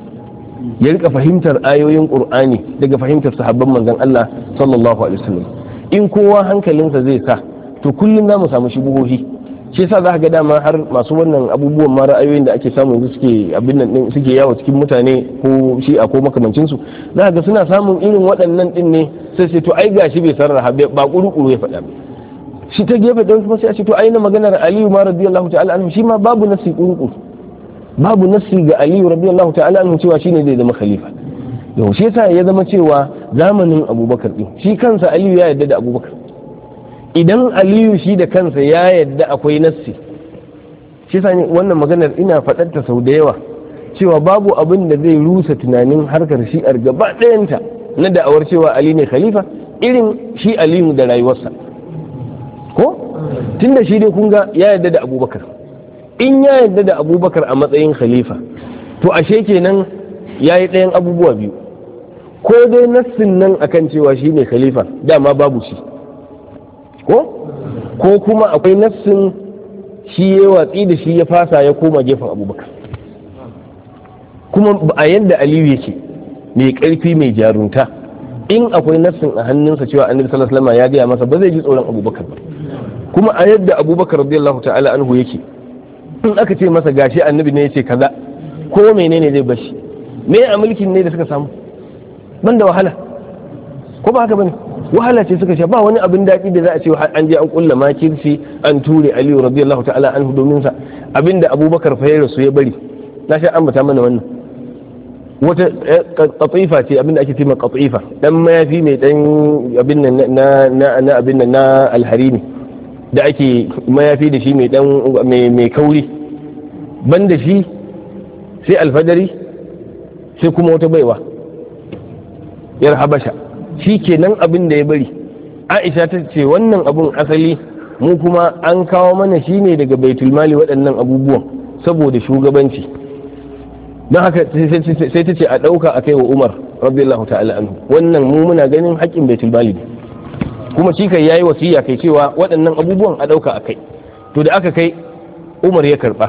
ya rika fahimtar ayoyin qur'ani daga fahimtar sahabban manzon Allah sallallahu alaihi wasallam in kowa hankalinsa zai sa to kullum za mu samu shi buhohi. shi sa za ga dama har masu wannan abubuwan ma ra'ayoyin da ake samun suke abin nan din suke yawo cikin mutane ko shi a ko makamancin su za ga suna samun irin waɗannan din ne sai sai to ai gashi bai sarrafa ba kuru ya faɗa ba shi ta gefe don kuma sai a ce to ai na maganar Aliyu ma radiyallahu ta'ala anhu shi ma babu nasi kuru babu nasi ga Aliyu radiyallahu ta'ala anhu cewa shi ne zai zama khalifa yau shi yasa ya zama cewa zamanin Abubakar din shi kansa Aliyu ya yarda da Abubakar idan aliyu shi da kansa ya yadda akwai nassi shi sani wannan maganar ina faɗarta sau da yawa cewa babu abin da zai rusa tunanin harkar shi'ar gaba ɗayanta na da'awar cewa ali ne khalifa irin shi aliyu da rayuwarsa ko tun da shi dai kun ga ya yadda da abubakar in ya yadda da abubakar a matsayin khalifa to ashe kenan ya yi ɗayan abubuwa biyu ko dai nassin nan akan cewa shi ne khalifa dama babu shi ko ko kuma akwai nassin shi ya watsi da shi ya fasa ya koma gefen abubakar kuma a yadda aliyu yake mai karfi mai jarunta in akwai nassin a hannunsa cewa annabi sallallahu alaihi ya gaya masa ba zai ji tsoron abubakar ba kuma a yadda abubakar radiyallahu ta'ala anhu yake in aka ce masa gashi annabi ne ya ce kaza ko menene zai bashi me a mulkin ne da suka samu ban da wahala ko ba haka bane wahala ce suka sha ba wani abin daɗi da za a ce an je an kulla makirci an ture aliyu radiyallahu ta'ala an domin sa abinda abubakar fa ya ya bari na sha ambata mana wannan wata katsifa eh, ce abinda ake cewa katsifa dan mayafi mai dan abin nan na na abin nan na alharimi da ake mayafi da shi mai dan mai kauri banda shi sai alfadari sai kuma wata baiwa yar habasha shi nan abin da ya bari aisha ta ce wannan abun asali mu kuma an kawo mana shi ne daga baitul mali waɗannan abubuwan saboda shugabanci don haka sai ta ce a ɗauka a kai wa umar allahu ta'ala anhu wannan mu muna ganin haƙƙin baitul mali ne kuma shi kai yayi wasiya kai cewa waɗannan abubuwan a ɗauka a kai to da aka kai umar ya karɓa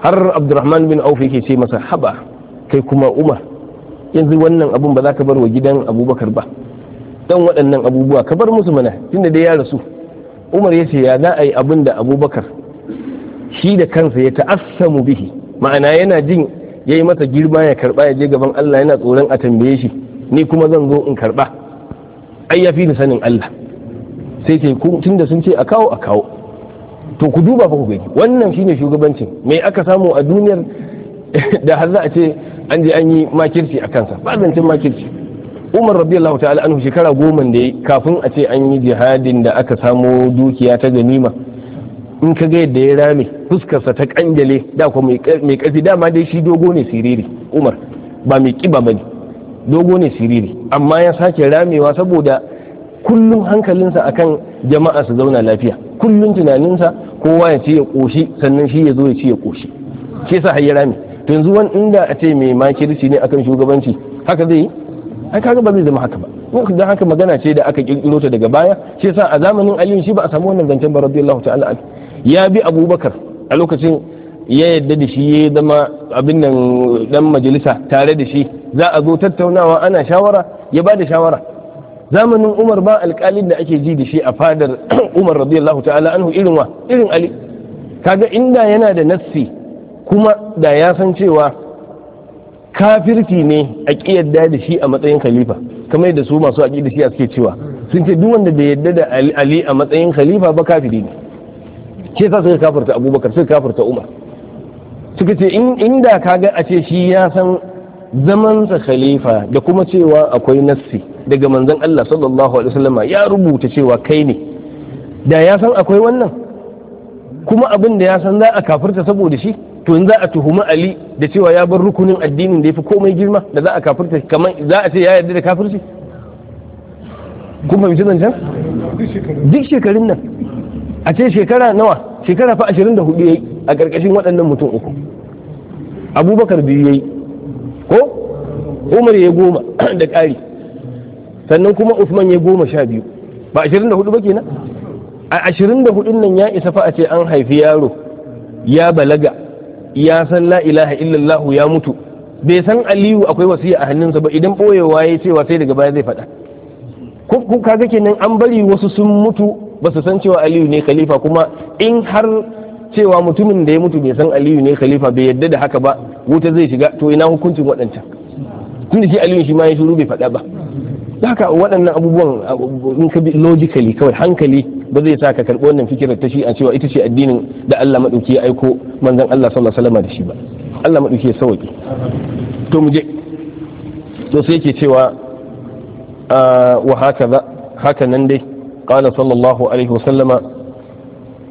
har abdurrahman bin auf yake ce masa haba kai kuma umar yanzu wannan abun ba za ka bar wa gidan abubakar ba dan waɗannan abubuwa ka bar musu mana tunda dai ya rasu umar ya ce ya za a yi abin da abubakar shi da kansa ya mu bihi ma'ana yana jin ya yi masa girma ya karba ya je gaban Allah yana tsoron a tambaye shi ni kuma zan zo in karba ai ya fi ni sanin Allah sai ce da sun ce a kawo a kawo to ku duba fa ku gani wannan shine shugabancin me aka samu a duniyar da har za a ce an je an yi makirci a kansa ba zancen makirci umar radiyallahu ta'ala anhu shekara goma da kafin a ce an yi jihadin da aka samo dukiya ta ganima in ka ga yadda ya rame fuskarsa ta kanjale da kuma mai karfi dama dai shi dogo ne siriri umar ba mai kiba ba ne dogo ne siriri amma ya sake ramewa saboda kullum hankalinsa akan jama'a su zauna lafiya kullum tunaninsa kowa ya ce ya koshi sannan shi ya zo ya ce ya koshi ke sa har ya rame yanzu wani inda a ce mai makirci ne akan shugabanci haka zai yi ai kaga ba zai zama haka ba mun da haka magana ce da aka kirkiro ta daga baya shi yasa a zamanin aliyu shi ba a samu wannan zancen ba radiyallahu ta'ala ya bi abubakar a lokacin ya yadda da shi ya zama abin nan dan majalisa tare da shi za a zo tattaunawa ana shawara ya ba da shawara zamanin umar ba alkalin da ake ji da shi a fadar umar radiyallahu ta'ala anhu irin wa irin ali kaga inda yana da nassi kuma da ya san cewa kafirci ne a ƙi yadda da shi a matsayin khalifa kamar yadda su masu aƙi da shi suke cewa sun ce duk wanda da yadda da ali a matsayin khalifa ba kafiri ne ke sa suka kafirta abubakar suka kafirta umar suka ce inda kaga a ce shi ya san zamansa khalifa da kuma cewa akwai nassi daga manzon Allah sallallahu alaihi wasallam ya rubuta cewa kai ne da ya san akwai wannan kuma abin da ya san za a kafirta saboda shi to in za a tuhumi ali da cewa ya bar rukunin addinin da ya fi komai girma da za a kafirta kamar za a ce ya yarda da kafirci kun fahimci zancen duk shekarun nan a ce shekara nawa shekara fa ashirin da hudu yayi a ƙarƙashin waɗannan mutum uku abubakar biyu yayi ko umar ya goma da ƙari sannan kuma usman ya goma sha biyu ba ashirin da hudu ba kenan a ashirin da hudun nan ya isa fa a ce an haifi yaro ya balaga ya san la ilaha illallah ya mutu bai san aliyu akwai wasiya a hannunsa ba idan boyewa ya cewa sai daga baya zai faɗa ku kaga kenan an bari wasu sun mutu ba su san cewa aliyu ne khalifa kuma in har cewa mutumin da ya mutu bai san aliyu ne khalifa bai yadda da haka ba wuta zai shiga to ina hukuncin waɗancan tunda shi aliyu shi ma ya shiru bai faɗa ba haka waɗannan abubuwan in ka bi logically kawai hankali ba zai sa ka karɓi wannan fikirar ta shi a cewa ita ce addinin da Allah maɗauki ya aiko manzon Allah sallallahu alaihi wasallam da shi ba Allah maɗauki ya sauki to mu je to sai yake cewa ah, wa haka hakaza haka nan dai qala sallallahu alaihi wasallama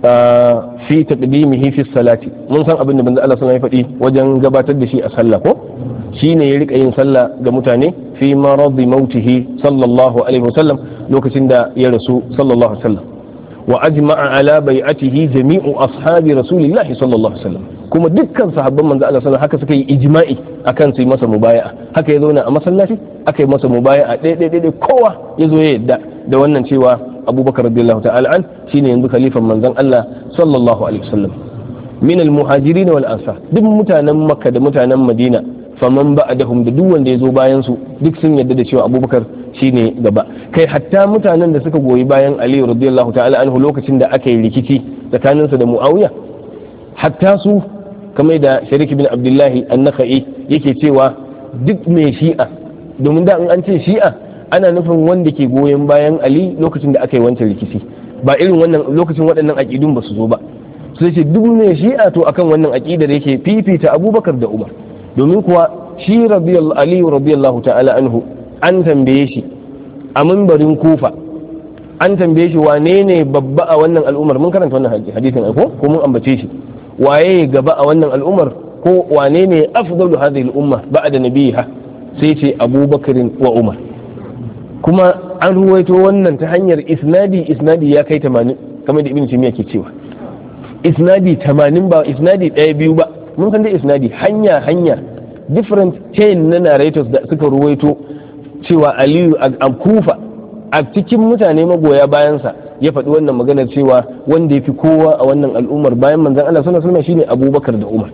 ah, fi taqdimihi fi salati mun san abin da manzon Allah sallallahu alaihi wasallam ya faɗi wajen gabatar da shi a sallah ko shi ne ya rika yin sallah ga mutane fi maradi mautihi sallallahu alaihi wasallam lokacin da ya rasu sallallahu alaihi wasallam wa ajma'a ala atihi jami'u ashabi rasulillahi sallallahu alaihi kuma dukkan sahabban manzo Allah haka suka yi ijma'i akan su yi masa mubaya'a haka ya zo na a masalaci aka yi masa mubaya'a ɗaya kowa ya zo ya yadda da wannan cewa Abubakar radiyallahu ta'ala an shine yanzu khalifan manzan Allah sallallahu alaihi wasallam min al-muhajirin wal duk mutanen maka da mutanen Madina faman ba da duk wanda ya zo bayan su duk sun yarda da cewa abubakar shine gaba kai hatta mutanen da suka goyi bayan ali radiyallahu ta'ala anhu lokacin da aka yi rikici tsakaninsa da muawiya hatta su kamar da shariki bin abdullahi annaka'i yake cewa duk mai shi'a domin da in an ce shi'a ana nufin wanda ke goyon bayan ali lokacin da aka yi wancan rikici ba irin wannan lokacin waɗannan aƙidun ba su zo ba sai ce duk mai shi'a to akan wannan aƙidar yake fifita abubakar da umar domin kuwa shi aliyu rabiyallahu ta'ala anhu an tambaye shi a mimbarin kufa an tambaye shi wane ne babba a wannan al'ummar mun karanta wannan hadisin aiko ko mun ambace shi waye gaba a wannan al'ummar ko wane ne afdalu hadhihi al'umma ba'da nabiha sai ce abubakarin wa umar kuma an ruwaito wannan ta hanyar isnadi isnadi ya kai 80 kamar da ibn timiya ke cewa isnadi 80 ba isnadi ɗaya biyu ba mun san da isnadi hanya hanya different chain na narrators da suka ruwaito cewa aliyu a kufa a cikin mutane magoya bayansa ya faɗi wannan magana cewa wanda ya fi kowa a wannan al'ummar bayan manzan Allah suna suna shine abubakar da umar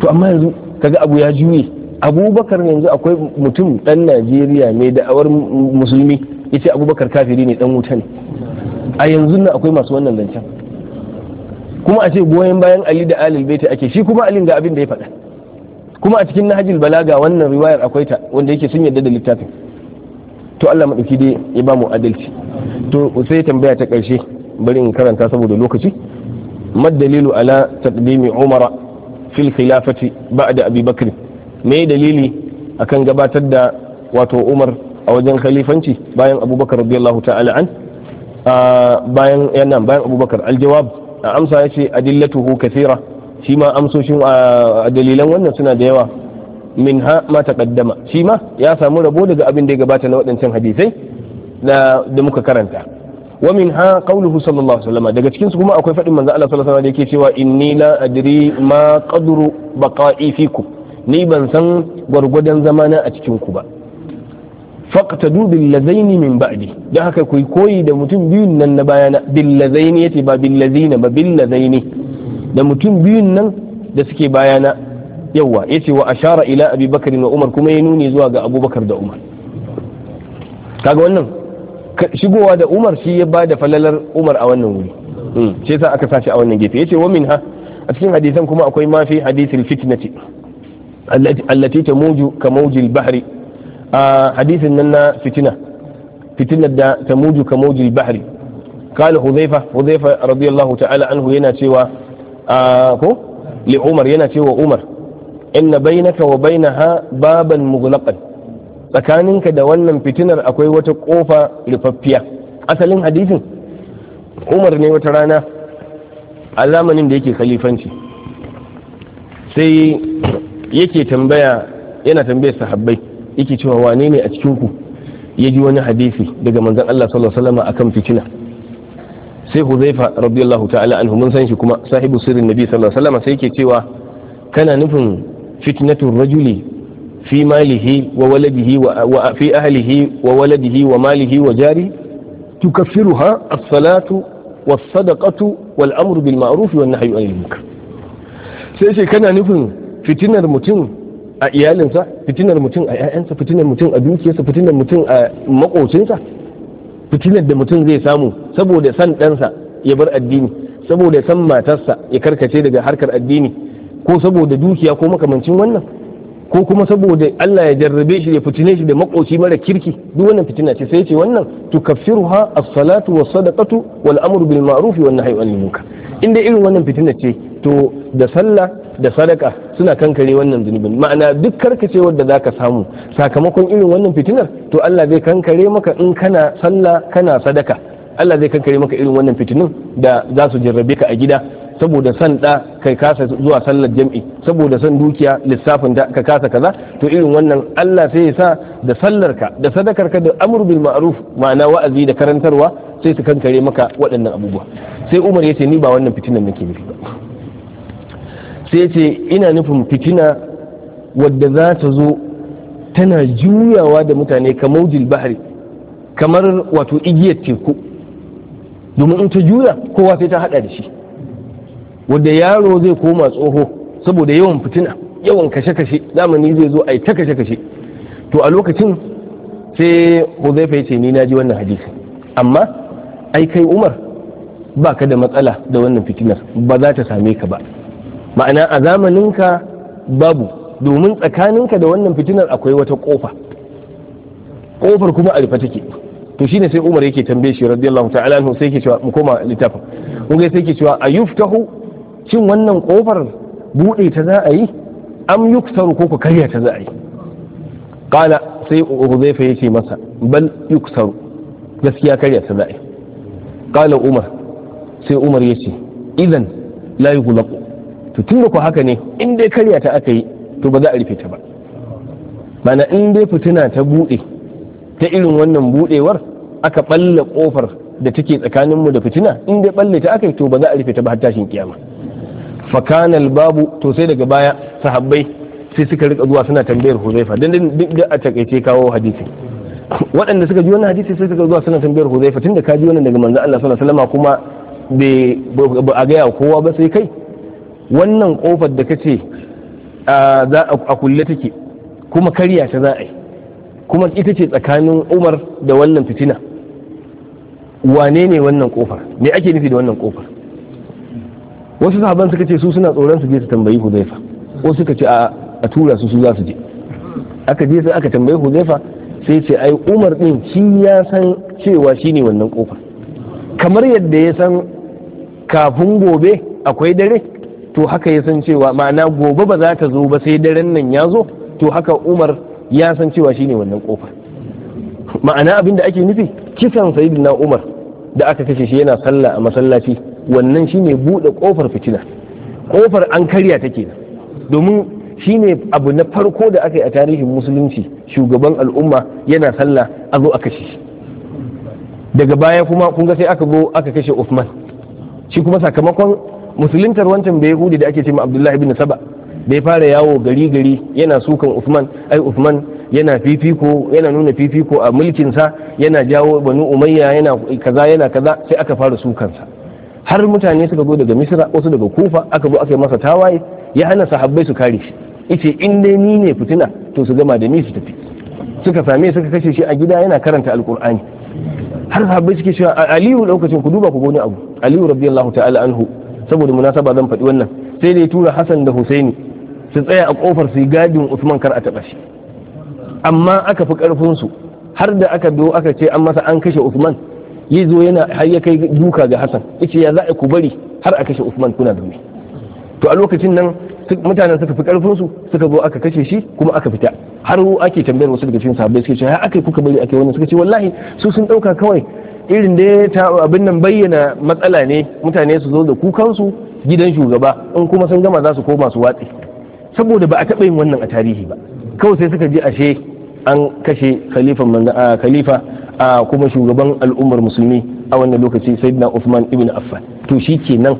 to amma yanzu kaga abu ya juye abubakar yanzu akwai mutum dan najeriya mai da'awar musulmi ya ce abubakar kafiri ne dan wuta ne a yanzu nan akwai masu wannan zancen kuma a ce goyon bayan ali da alil baiti ake shi kuma alin ga abin da ya faɗa kuma a cikin nahajil balaga wannan riwayar akwai ta wanda yake sun yarda da littafin to Allah maɗauki dai ya ba mu adalci to sai tambaya ta ƙarshe bari in karanta saboda lokaci mad ala taqdimi umara fil khilafati ba'da abi bakr Mai dalili akan gabatar da wato umar a wajen khalifanci bayan abubakar radiyallahu ta'ala an ah, bayan yana bayan abubakar aljawab a amsa ya ce adillatuhu kathira shi ma amsoshin a dalilan wannan suna da yawa min ha ma taqaddama shi ma ya samu rabo daga abin da ya gabata na waɗancan hadisai da muka karanta wa min ha qauluhu sallallahu alaihi wasallam daga cikin su kuma akwai faɗin manzo Allah sallallahu alaihi wasallam da yake cewa inni la adri ma qadru baqa'i fikum ni ban san gwargwadon zamana a cikin ku ba faqtadu bil ladaini min ba'di Da haka ku koyi da mutum biyun nan na bayana bil ladaini yace ba bil ladina ba da mutum biyun nan da suke bayana yawa yace wa ashara ila abi bakr wa umar kuma ya nuni zuwa ga abubakar da umar kaga wannan shigowa da umar shi ya bada falalar umar a wannan wuri hmm, shi yasa aka sashi a wannan gefe yace wa minha a cikin hadisan kuma akwai ma fi hadithil fitnati allati tamuju ka mawjil bahri a hadisin nan na fitina fitinar da ta muju ka muju kale kala huzaifa huzaifa radiyallahu ta'ala anhu yana cewa ko li umar yana cewa umar inna bainaka wa bainaha baban mughlaqan tsakaninka da wannan fitinar akwai wata kofa rufaffiya asalin hadisin umar ne wata rana a zamanin da yake khalifanci sai yake tambaya yana tambayar sahabbai yake cewa wane ne a cikin ku ya ji wani hadisi daga manzon Allah sallallahu alaihi wasallam akan fitina sai Huzaifa radiyallahu ta'ala anhu mun san shi kuma sahibu sirrin Nabi sallallahu alaihi wasallam sai yake cewa kana nufin fitnatul rajuli fi malihi wa waladihi wa fi ahlihi wa waladihi wa malihi wa jari tukaffiruha as-salatu was-sadaqatu wal-amru bil ma'ruf wan nahyu anil munkar sai ce kana nufin fitinar mutum a iyalinsa fitinar mutum a 'ya'yansa fitinar mutum a dukiyarsa fitinar mutum a makocinsa fitinar da mutum zai samu saboda san ɗansa ya bar addini saboda san matarsa ya karkace daga harkar addini ko saboda dukiya ko makamancin wannan ko kuma saboda Allah ya jarrabe shi ya fitine shi da makoci mara kirki duk wannan fitina ce sai ya ce wannan tukaffiruha as-salatu was sadaqatu wal amru bil ma'ruf wan nahyi anil munkar inda irin wannan fitina ce to da sallah da sadaka suna kankare wannan zunubin ma'ana duk karkacewar da zaka samu sakamakon irin wannan fitinar to Allah zai kankare maka in kana sallah kana sadaka Allah zai kankare maka irin wannan fitinin da za su jarrabe ka a gida saboda san da kai kasa zuwa sallar jam'i saboda san dukiya lissafin da ka kasa kaza to irin wannan Allah sai ya sa da sallarka da sadakarka da amru bil ma'ruf ma'ana wa'azi da karantarwa sai su kankare maka waɗannan abubuwa sai Umar ya ce ni ba wannan fitinan nake nufi ba sai ce ina nufin fitina wadda za ta zo tana juyawa da mutane kamar bahari kamar wato igiyar teku domin in ta juya kowa sai ta hada da shi wanda yaro zai koma tsoho saboda yawan fitina yawan kashe-kashe zamani zai zo a yi ta kashe-kashe to a lokacin sai huzaifa ya ce ni na ji wannan hadisi amma ai kai umar ba ka da matsala da wannan fitinar ba za ta same ka ba ma'ana a zamaninka babu domin tsakaninka da wannan fitinar akwai wata kofa kofar kuma a rufe take to shine sai umar yake tambaye shi radiyallahu ta'ala anhu sai yake cewa mu koma littafin kun sai yake cewa ayuftahu shin wannan kofar buɗe ta za a yi am yuksaru ko ku karya ta za a yi kala sai uzaifa yace masa bal yuksaru gaskiya karya ta za a yi kala umar sai umar yace idan la yughlaqu to tun da ku haka ne in dai karya ta aka yi to ba za a rufe ta ba mana in dai fitina ta buɗe ta irin wannan buɗewar aka ɓalla ƙofar da take tsakaninmu da fitina in dai ɓalle ta aka yi to ba za a rufe ta ba har tashin kiyama fakanal babu to sai daga baya sahabbai sai suka rika zuwa suna tambayar huzaifa dan duk a takaice kawo hadisi waɗanda suka ji wannan hadisi sai suka zuwa suna tambayar huzaifa tunda ka ji wannan daga manzo Allah sallallahu alaihi wasallam kuma bai a gaya kowa ba sai kai wannan kofar da kace za a kulle take kuma karya ta za a yi kuma ita ce tsakanin Umar da wannan fitina wane ne wannan kofar me ake nufi da wannan kofar wasu sahaban suka ce su suna tsoron su je su tambayi huzaifa wasu suka ce a tura su su za su je aka je sai aka tambayi huzaifa sai ce ai umar din shi ya san cewa shine wannan kofa kamar yadda ya san kafin gobe akwai dare to haka ya san cewa ma'ana gobe ba za ta zo ba sai daren nan ya zo to haka umar ya san cewa shine wannan kofa ma'ana abin da ake nufi kisan sayyidina umar da aka kashe shi yana sallah a masallaci wannan shine buɗe ƙofar fitina ƙofar an karya take domin shine abu na farko da aka yi a tarihin musulunci shugaban al'umma yana sallah a zo a kashe daga baya kuma kun ga sai aka zo aka kashe Uthman shi kuma sakamakon musuluntar wancan bai hudu da ake ce ma Abdullahi ibn Saba da fara yawo gari gari yana sukan Uthman ai Uthman yana fifiko yana nuna fifiko a mulkinsa yana jawo Banu Umayya yana kaza yana kaza sai aka fara sukan sa har mutane suka zo daga misra wasu daga kufa aka zo aka yi masa tawaye ya hana sahabbai su kare shi yace in dai ni ne fitina to su gama da ni su tafi suka same suka kashe shi a gida yana karanta alkur'ani har sahabbai suke cewa aliyu lokacin ku duba ku gani abu aliyu radiyallahu ta'ala anhu saboda munasaba zan faɗi wannan sai dai tura hasan da husaini su tsaya a kofar su gadin usman kar a taɓa shi amma aka fi ƙarfinsu har da aka do aka ce an masa an kashe usman ya zo yana har ya kai duka ga Hassan yace ya za ku bari har a kashe Usman kuna zaune to a lokacin nan mutanen suka fi karfin su suka zo aka kashe shi kuma aka fita har ake tambayar wasu daga cikin sahabbai suke cewa akai kuka bari akai wannan suka ce wallahi su sun dauka kawai irin da ta abin nan bayyana matsala ne mutane su zo da su gidan shugaba in kuma sun gama za su koma su watsi saboda ba a taɓa yin wannan a tarihi ba kawai sai suka ji ashe an kashe khalifa a kuma shugaban al'ummar musulmi a wannan lokaci sayyidina Uthman ibn Affan to shi kenan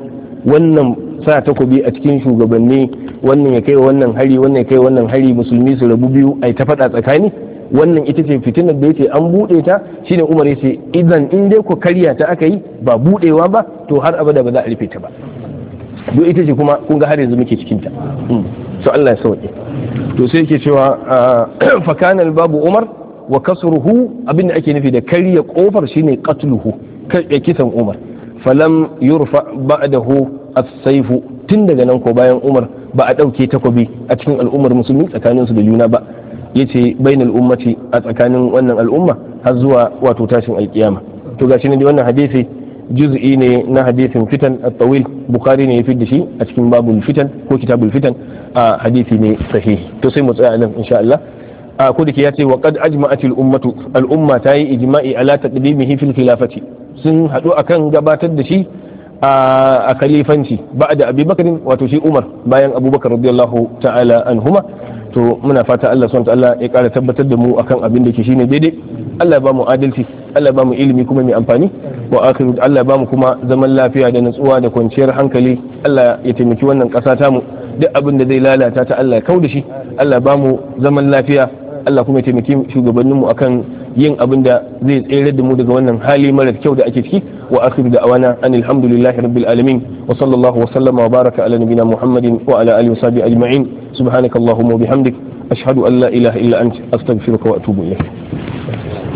wannan sa takobi a cikin shugabanni wannan ya kai wannan hari wannan ya kai wannan hari musulmi su rabu biyu ai ta faɗa tsakani wannan ita ce fitinar da yace an buɗe ta shine Umar yace idan in dai ku karya ta aka yi ba buɗewa ba to har abada ba za a rufe ta ba duk ita ce kuma kun ga har yanzu muke cikin ta hmm. so Allah ya sauke to sai ke cewa ah, fakanan babu umar wa kasruhu abinda ake nufi da karya kofar shine qatluhu kisan umar falam yurfa ba'dahu as-sayfu tun daga nan ko bayan umar ba a dauke takobi a cikin al'ummar musulmi tsakanin su da juna ba yace bainal ummati a tsakanin wannan al'umma har zuwa wato tashin alkiyama to gashi ne wannan hadisi juz'i ne na hadisin fitan at-tawil bukhari ne ya fi shi a cikin babul fitan ko kitabul fitan a hadisi ne sahihi to sai mu tsaya nan insha Allah a ko ya ce wa qad ajma'at al-ummatu al-umma ta yi ijma'i ala taqdimihi fil khilafati sun hadu akan gabatar da shi a kalifanci ba'da Abi Bakr wato shi Umar bayan Abubakar radiyallahu ta'ala anhuma to muna fata Allah subhanahu wa ta'ala ya kara tabbatar da mu akan abin da ke shine daidai Allah ba mu adalci Allah ba mu ilimi kuma mai amfani wa akhiru Allah ba mu kuma zaman lafiya da natsuwa da kwanciyar hankali Allah ya taimaki wannan ƙasa tamu duk abin da zai lalata ta Allah ya kau da shi Allah ba mu zaman lafiya Allah kuma ya taimake shugabanninmu akan yin abin da zai tsere da mu daga wannan hali mara kyau da ake ciki wa akhir da awana an alhamdulillahi rabbil alamin wa sallallahu wa sallama wa baraka ala nabina muhammadin wa ala alihi wa sahbihi ajma'in subhanakallahumma wa bihamdik ashhadu an la ilaha illa anta astaghfiruka wa atubu ilayk